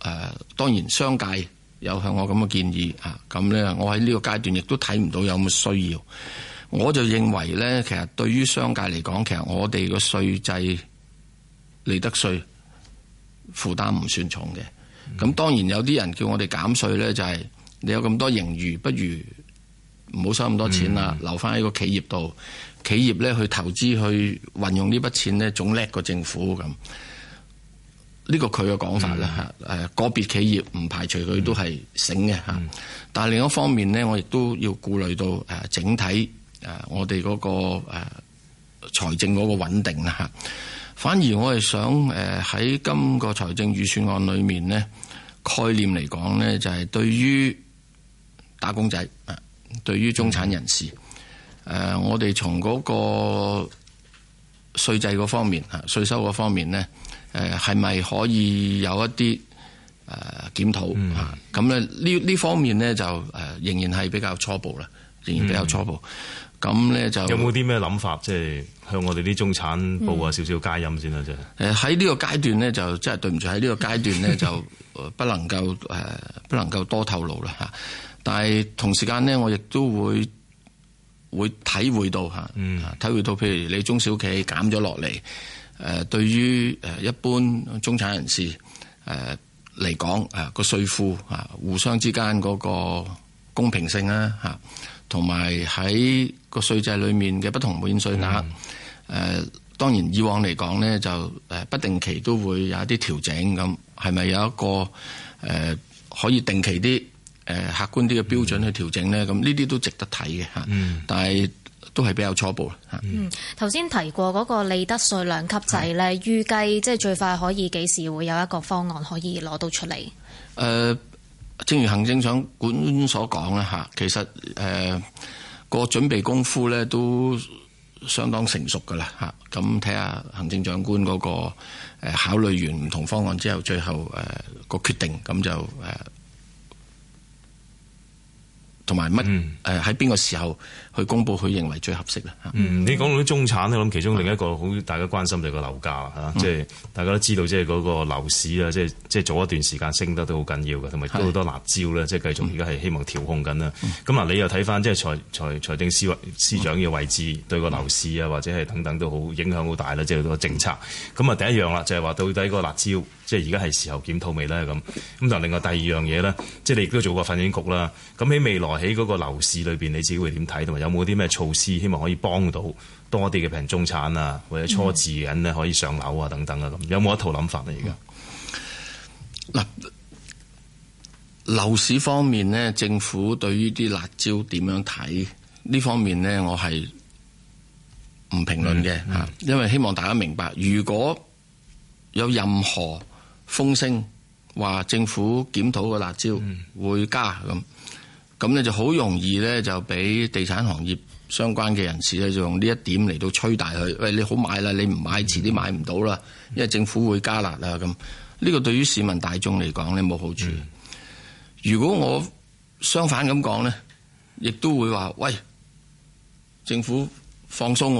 呃，當然商界有向我咁嘅建議啊，咁呢我喺呢個階段亦都睇唔到有乜需要，我就認為呢，其實對於商界嚟講，其實我哋個稅制利得稅負擔唔算重嘅，咁、嗯、當然有啲人叫我哋減稅呢，就係、是、你有咁多盈餘，不如唔好收咁多錢啦、嗯，留翻喺個企業度。企業咧，去投資去運用呢筆錢咧，總叻過政府咁，呢個佢嘅講法啦嚇。誒、嗯、個別企業唔排除佢都係醒嘅嚇，但係另一方面咧，我亦都要顧慮到誒整體誒我哋嗰個誒財政嗰個穩定啦嚇。反而我係想誒喺今個財政預算案裡面咧，概念嚟講咧，就係對於打工仔啊，對於中產人士，嗯誒、呃，我哋從嗰個稅制嗰方面嚇，稅收嗰方面呢，誒係咪可以有一啲誒、呃、檢討嚇？咁咧呢呢方面呢，就誒、呃、仍然係比較初步啦，仍然比較初步。咁、嗯、呢，就有冇啲咩諗法？即係向我哋啲中產報下、嗯、少少佳音先啦，即、呃、係。誒喺呢個階段呢，就真係對唔住，喺呢個階段呢，就不能夠誒、 呃、不能夠、呃、多透露啦嚇、啊。但係同時間呢，我亦都會。會體會到嚇，體會到譬如你中小企減咗落嚟，誒對於誒一般中產人士誒嚟講，誒個稅負啊，互相之間嗰個公平性啊，嚇，同埋喺個稅制裏面嘅不同免稅額，誒、嗯、當然以往嚟講咧就誒不定期都會有一啲調整咁，係咪有一個誒可以定期啲？誒，客觀啲嘅標準去調整呢，咁呢啲都值得睇嘅、嗯、但係都係比較初步啦嗯，頭先提過嗰個利得稅兩級制呢預計即係最快可以幾時會有一個方案可以攞到出嚟？誒、呃，正如行政長官所講啦嚇，其實誒個、呃、準備功夫呢都相當成熟噶啦嚇。咁睇下行政長官嗰個考慮完唔同方案之後，最後、呃、個決定咁就誒。呃同埋乜嘢喺邊個時候？去公布佢認為最合適咧。嗯，你講到啲中產咧，諗其中另一個好大家關心就係個樓價啦，嚇、嗯，即、就、係、是、大家都知道，即係嗰個樓市啊，即係即係早一段時間升得都好緊要嘅，同埋都好多辣招咧，即係繼續而家係希望調控緊啦。咁、嗯、啊，你又睇翻即係財財財政司司長嘅位置、嗯、對個樓市啊，或者係等等都好影響好大啦，即、就、係、是、個政策。咁啊，第一樣啦就係、是、話到底個辣招，即係而家係時候檢討未咧咁。咁但另外第二樣嘢咧，即、就、係、是、你亦都做過發展局啦。咁喺未來喺嗰個樓市裏邊，你自己會點睇同埋？有冇啲咩措施希望可以幫到多啲嘅平中產啊，或者初置人咧可以上樓啊，等等啊咁？有冇一套諗法啊？而家嗱，樓、嗯、市方面呢，政府對於啲辣招點樣睇？呢方面呢，我係唔評論嘅吓，因為希望大家明白，如果有任何風聲話政府檢討個辣招會加咁。嗯咁你就好容易咧就俾地產行業相關嘅人士呢，就用呢一點嚟到吹大佢。喂，你好買啦，你唔買遲啲買唔到啦，因為政府會加辣啦。咁呢個對於市民大眾嚟講呢，冇好處。如果我相反咁講呢，亦都會話：喂，政府放鬆，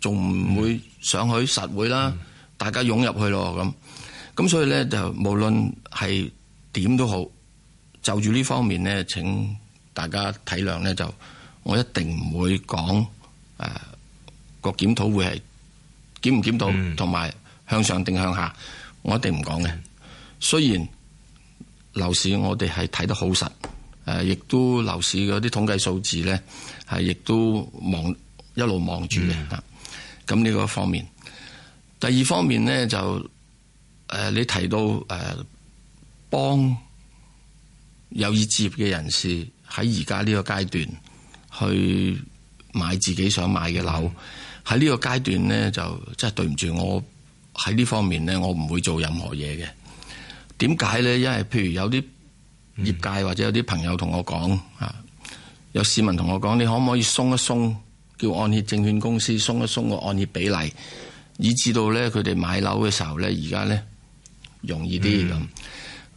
仲唔會上去實會啦？大家湧入去咯，咁咁所以呢，就無論係點都好。就住呢方面呢，請大家體諒呢，就我一定唔會講誒個檢討會係檢唔檢討同埋向上定向下，我一定唔講嘅。雖然樓市我哋係睇得好實，誒，亦都樓市嗰啲統計數字呢，係亦都望一路望住嘅。咁呢個方面，第二方面呢，就誒你提到誒幫。幫有意置業嘅人士喺而家呢個階段去買自己想買嘅樓，喺呢個階段呢，就真係對唔住，我喺呢方面呢，我唔會做任何嘢嘅。點解呢？因為譬如有啲業界或者有啲朋友同我講，嚇、嗯，有市民同我講，你可唔可以鬆一鬆，叫按揭證券公司鬆一鬆個按揭比例，以至到他們呢，佢哋買樓嘅時候呢，而家呢容易啲咁。嗯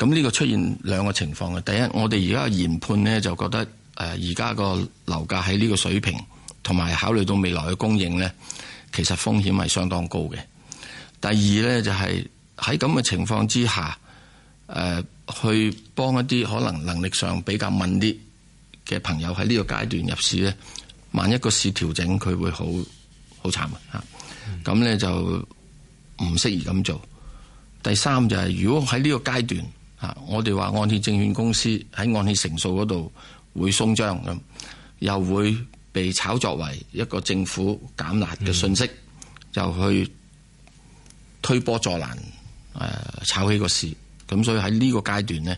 咁呢個出現兩個情況嘅，第一，我哋而家嘅研判呢，就覺得，誒、呃，而家個樓價喺呢個水平，同埋考慮到未來嘅供應呢，其實風險係相當高嘅。第二呢，就係喺咁嘅情況之下，誒、呃，去幫一啲可能能力上比較敏啲嘅朋友喺呢個階段入市呢，萬一個市調整，佢會好好慘嘅吓。咁呢、嗯、就唔適宜咁做。第三就係、是、如果喺呢個階段。啊！我哋話按揭證券公司喺按揭成數嗰度會鬆張章咁，又會被炒作為一個政府減壓嘅信息、嗯，就去推波助瀾，誒炒起個市。咁所以喺呢個階段呢，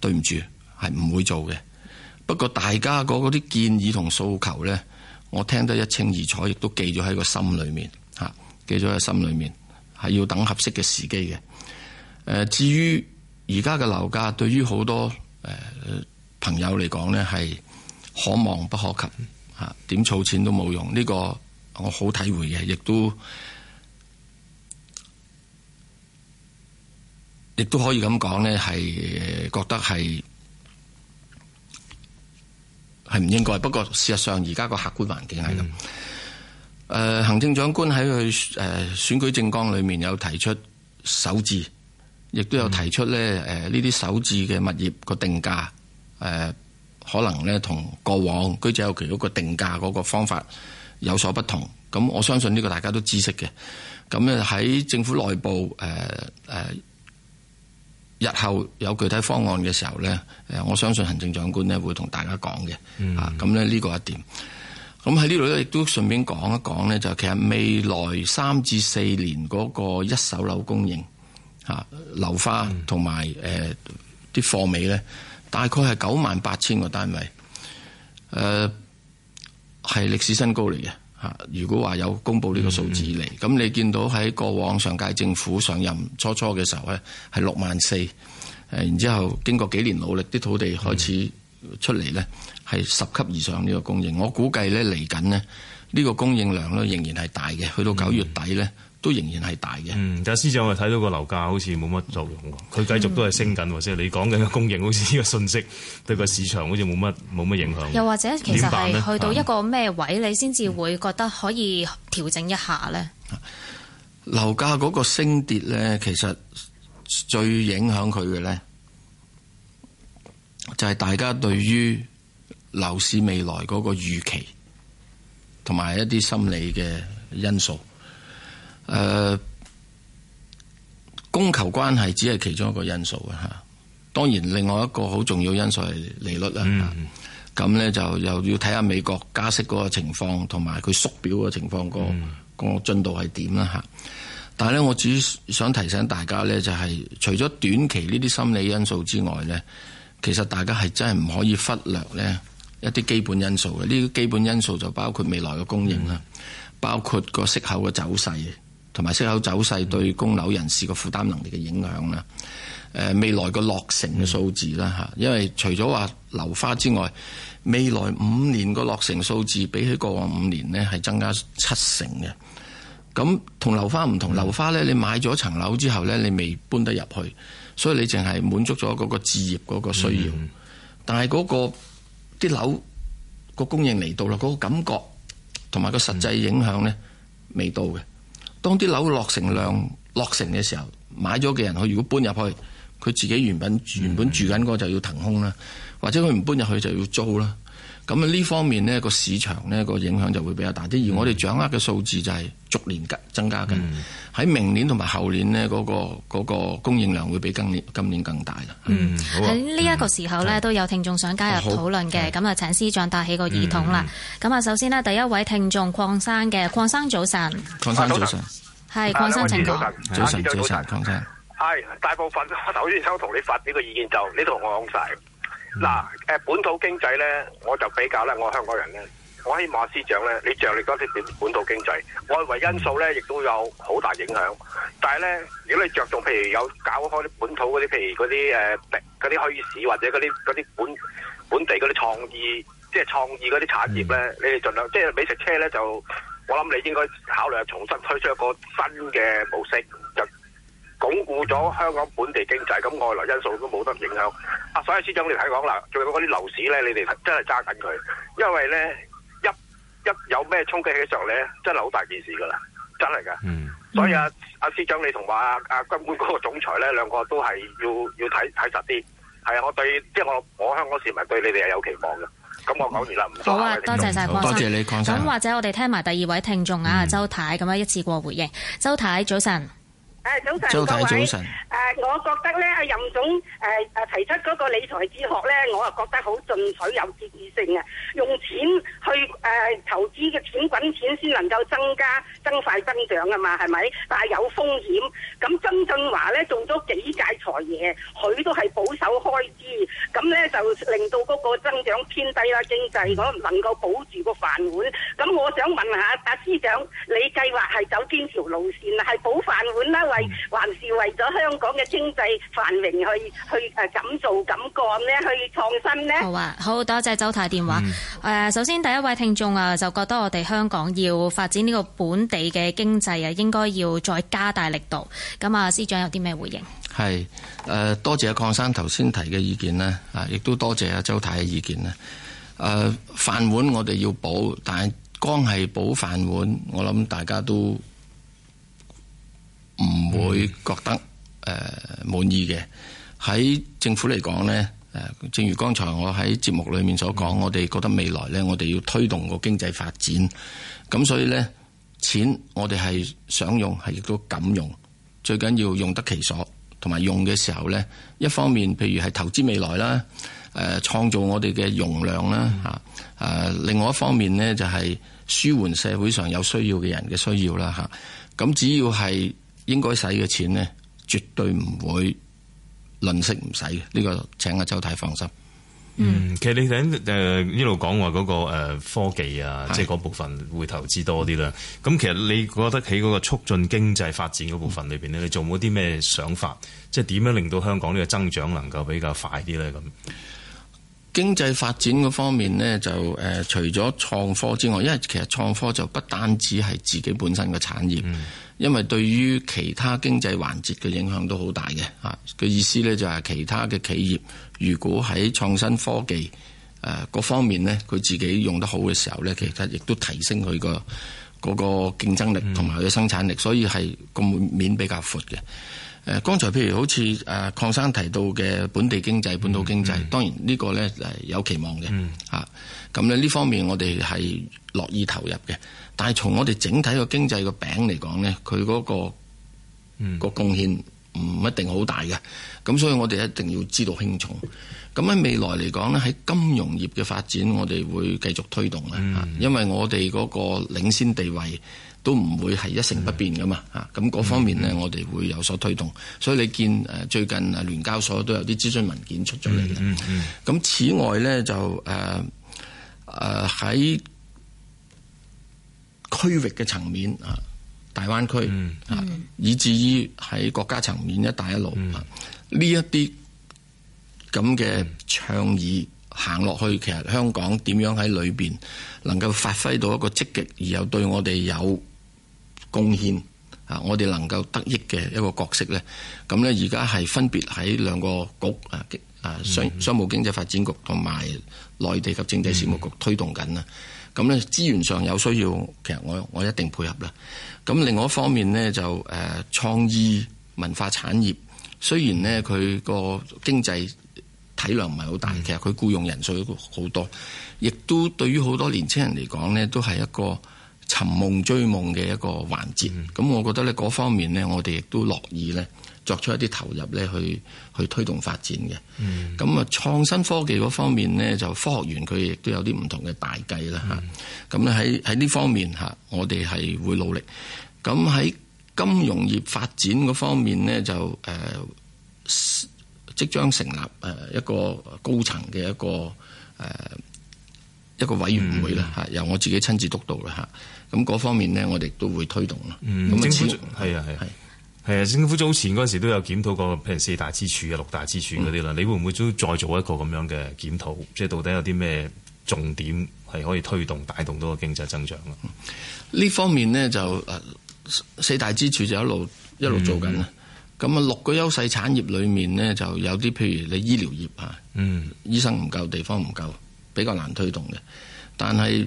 對唔住係唔會做嘅。不過大家嗰啲建議同訴求呢，我聽得一清二楚，亦都記咗喺個心裏面嚇，記咗喺心裏面係要等合適嘅時機嘅。誒，至於～而家嘅樓價對於好多誒朋友嚟講咧，係可望不可及嚇，點儲錢都冇用。呢個我好體會嘅，亦都亦都可以咁講咧，係覺得係係唔應該。不過事實上，而家個客觀環境係咁。誒、嗯呃，行政長官喺佢誒選舉政綱裡面有提出首置。亦都有提出呢啲首置嘅物業個定價，呃、可能呢同過往居者有其屋個定價嗰個方法有所不同。咁我相信呢個大家都知識嘅。咁喺政府內部、呃呃，日後有具體方案嘅時候呢，我相信行政長官呢會同大家講嘅、嗯。啊，咁呢個一點。咁喺呢度呢亦都順便講一講呢，就是、其實未來三至四年嗰個一手樓供應。嚇樓花同埋誒啲貨尾咧，大概係九萬八千個單位，誒係歷史新高嚟嘅嚇。如果話有公布呢個數字嚟，咁你見到喺過往上屆政府上任初初嘅時候咧，係六萬四，誒然之後經過幾年努力，啲土地開始出嚟咧，係十級以上呢個供應。我估計咧嚟緊呢，呢個供應量咧仍然係大嘅，去到九月底咧。都仍然係大嘅、嗯。但係司長，我哋睇到個樓價好似冇乜作用，佢繼續都係升緊、嗯。或者你講緊嘅供應，好似呢個信息對個市場好似冇乜冇乜影響。又或者其實係去到一個咩位，你先至會覺得可以調整一下呢？樓價嗰個升跌呢，其實最影響佢嘅呢，就係、是、大家對於樓市未來嗰個預期，同埋一啲心理嘅因素。誒、呃，供求關係只係其中一個因素嘅吓，當然另外一個好重要因素係利率啦。咁咧就又要睇下美國加息嗰個情況，同埋佢縮表嘅情況個個進度係點啦吓。但係咧，我只想提醒大家咧、就是，就係除咗短期呢啲心理因素之外咧，其實大家係真係唔可以忽略咧一啲基本因素嘅。呢啲基本因素就包括未來嘅供應啦，嗯、包括個息口嘅走勢。同埋息口走勢對供樓人士個負擔能力嘅影響啦，誒、嗯、未來個落成嘅數字啦嚇、嗯，因為除咗話樓花之外，未來五年個落成數字比起過往五年呢係增加七成嘅。咁同樓花唔同，樓、嗯、花呢你買咗層樓之後呢，你未搬得入去，所以你淨係滿足咗嗰個置業嗰個需要。嗯、但係嗰、那個啲樓個供應嚟到啦，嗰、那個感覺同埋個實際影響呢，嗯、未到嘅。當啲樓落成量落成嘅時候，買咗嘅人，佢如果搬入去，佢自己原本原本住緊嗰就要騰空啦，或者佢唔搬入去就要租啦。咁啊呢方面呢個市場呢個影響就會比較大啲，而我哋掌握嘅數字就係逐年增加嘅。喺、嗯、明年同埋後年呢，嗰個嗰嗰供應量會比今年今年更大啦。嗯，喺呢一個時候呢、嗯，都有聽眾想加入討論嘅，咁、哦、啊、嗯、請司長帶起個耳筒啦。咁、嗯、啊首先呢，第一位聽眾鄺生嘅，鄺生早晨，鄺生早晨，係鄺生情況，早晨早晨，鄺生大部分，我首先想同你發表個意見，就你同我講晒。嗱、嗯，本土經濟咧，我就比較咧，我係香港人咧，我希望司長咧，你著力多啲本本土經濟，外圍因素咧亦都有好大影響，但係咧，如果你着重譬如有搞開啲本土嗰啲，譬如嗰啲誒嗰啲墟市或者嗰啲啲本本地嗰啲創意，即係創意嗰啲產業咧，你哋儘量即係美食車咧，就我諗你應該考慮重新推出一個新嘅模式。就鞏固咗香港本地經濟，咁外來因素都冇得影響。啊，所以司長你看看，你睇講啦，仲有嗰啲樓市咧，你哋真係揸緊佢，因為咧一一有咩衝擊嘅時候咧，真係好大件事噶啦，真係噶。嗯。所以啊，阿、嗯、司長你、啊，你同話阿阿金管嗰個總裁咧，兩個都係要要睇睇實啲。係啊，我對即係、就是、我我香港市民對你哋係有期望嘅。咁我講完啦、嗯。好啊，多謝晒。多謝你。咁或者我哋聽埋第二位聽眾啊、嗯，周太咁樣一次過回應。周太，早晨。誒，早晨各位。誒、呃，我覺得咧，阿任總誒誒提出嗰個理財哲學咧，我又覺得好進取有建設性啊！用錢去誒、呃、投資嘅錢滾錢，先能夠增加增快增長啊嘛，係咪？但係有風險。咁曾俊華咧做咗幾屆財爺，佢都係保守開支，咁咧就令到嗰個增長偏低啦。經濟我能夠保住個飯碗，咁我想問下阿司長，你計劃係走邊條路線啊？係保飯碗啦，還是為咗香港嘅經濟繁榮去去誒，敢、啊、做敢幹呢？去創新呢？好啊，好多謝周太電話。誒、嗯，首先第一位聽眾啊，就覺得我哋香港要發展呢個本地嘅經濟啊，應該要再加大力度。咁啊，司長有啲咩回應？係誒、呃，多謝阿鄺生頭先提嘅意見呢，啊，亦都多謝阿周太嘅意見呢，誒、啊，飯碗我哋要保，但係光係保飯碗，我諗大家都。唔會覺得誒滿意嘅。喺、嗯、政府嚟講呢，誒，正如剛才我喺節目裏面所講，我哋覺得未來呢，我哋要推動個經濟發展。咁所以呢，錢我哋係想用，係亦都敢用。最緊要用得其所，同埋用嘅時候呢，一方面譬如係投資未來啦，誒，創造我哋嘅容量啦，吓。誒，另外一方面呢，就係舒緩社會上有需要嘅人嘅需要啦，吓。咁只要係。應該使嘅錢咧，絕對唔會吝惜唔使嘅。呢個請阿周太放心。嗯，其實你哋誒一路講話嗰個，呃、科技啊，是即係嗰部分會投資多啲啦。咁其實你覺得喺嗰個促進經濟發展嗰部分裏邊咧，你做冇啲咩想法？即係點樣令到香港呢個增長能夠比較快啲呢？咁。經濟發展嗰方面呢，就除咗創科之外，因為其實創科就不單止係自己本身嘅產業，嗯，因為對於其他經濟環節嘅影響都好大嘅。啊，嘅意思呢，就係其他嘅企業，如果喺創新科技誒方面呢，佢自己用得好嘅時候呢，其實亦都提升佢個嗰個競爭力同埋佢嘅生產力，嗯、所以係個面比較闊嘅。誒，剛才譬如好似誒，鄺生提到嘅本地經濟、本土經濟，當然呢個呢係有期望嘅嚇。咁、嗯、呢方面，我哋係樂意投入嘅。但係從我哋整體的經濟的餅來它、那個經濟個餅嚟講呢，佢嗰個個貢獻唔一定好大嘅。咁所以我哋一定要知道輕重。咁喺未來嚟講呢，喺金融業嘅發展，我哋會繼續推動啦、嗯。因為我哋嗰個領先地位。都唔會係一成不變噶嘛嚇，咁嗰方面呢，我哋會有所推動。嗯嗯嗯嗯，所以你見誒最近聯交所都有啲諮詢文件出咗嚟嘅。咁、嗯嗯嗯嗯嗯嗯、此外呢，就誒喺、呃呃、區域嘅層面啊，大灣區嗯嗯嗯，以至於喺國家層面一帶一路呢一啲咁嘅倡議行落去，其實香港點樣喺裏面能夠發揮到一個積極，而又對我哋有貢獻啊！我哋能夠得益嘅一個角色呢。咁呢，而家係分別喺兩個局啊啊商商務經濟發展局同埋內地及政制事務局推動緊啦。咁呢，資源上有需要，其實我我一定配合啦。咁另外一方面呢，就誒創意文化產業，雖然呢，佢個經濟體量唔係好大，其實佢僱用人數好多，亦都對於好多年青人嚟講呢，都係一個，尋夢追夢嘅一個環節，咁、嗯、我覺得呢嗰方面呢，我哋亦都樂意呢作出一啲投入呢，去去推動發展嘅。咁、嗯、啊，創新科技嗰方面呢，就科學園佢亦都有啲唔同嘅大計啦嚇。咁呢喺喺呢方面嚇，我哋係會努力。咁喺金融業發展嗰方面呢，就、呃、誒即將成立誒一個高層嘅一個誒、呃、一個委員會啦，係、嗯、由我自己親自督導嘅嚇。咁嗰方面呢，我哋都會推動咯、嗯。政府係啊係啊，係啊，啊！政府早前嗰陣時都有檢討過譬如四大支柱啊、六大支柱嗰啲啦。你會唔會都再做一個咁樣嘅檢討？即係到底有啲咩重點係可以推動、帶動到個經濟增長啊？呢、嗯、方面呢，就誒四大支柱就一路一路做緊啦。咁、嗯、啊，六個優勢產業裏面呢，就有啲譬如你醫療業啊，嗯，醫生唔夠，地方唔夠，比較難推動嘅。但係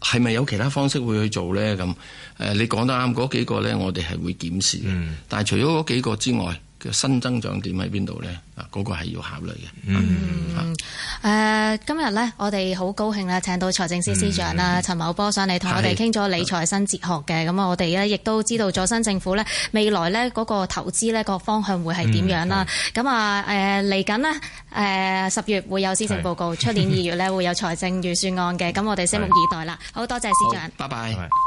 係咪有其他方式會去做咧？咁誒，你講得啱嗰幾個咧，我哋係會檢視嘅、嗯。但係除咗嗰幾個之外，嘅新增長點喺邊度呢？啊，嗰個係要考慮嘅。嗯，誒、嗯呃，今日呢，我哋好高興咧，請到財政司司長啦、嗯，陳茂波上嚟同我哋傾咗理財新哲學嘅。咁啊，我哋咧亦都知道咗新政府呢，未、嗯呃、來呢，嗰個投資呢，個方向會係點樣啦。咁啊，誒嚟緊呢，誒十月會有施政報告，出年二月呢會有財政預算案嘅。咁我哋拭目以待啦。好多謝司長，拜拜。拜拜。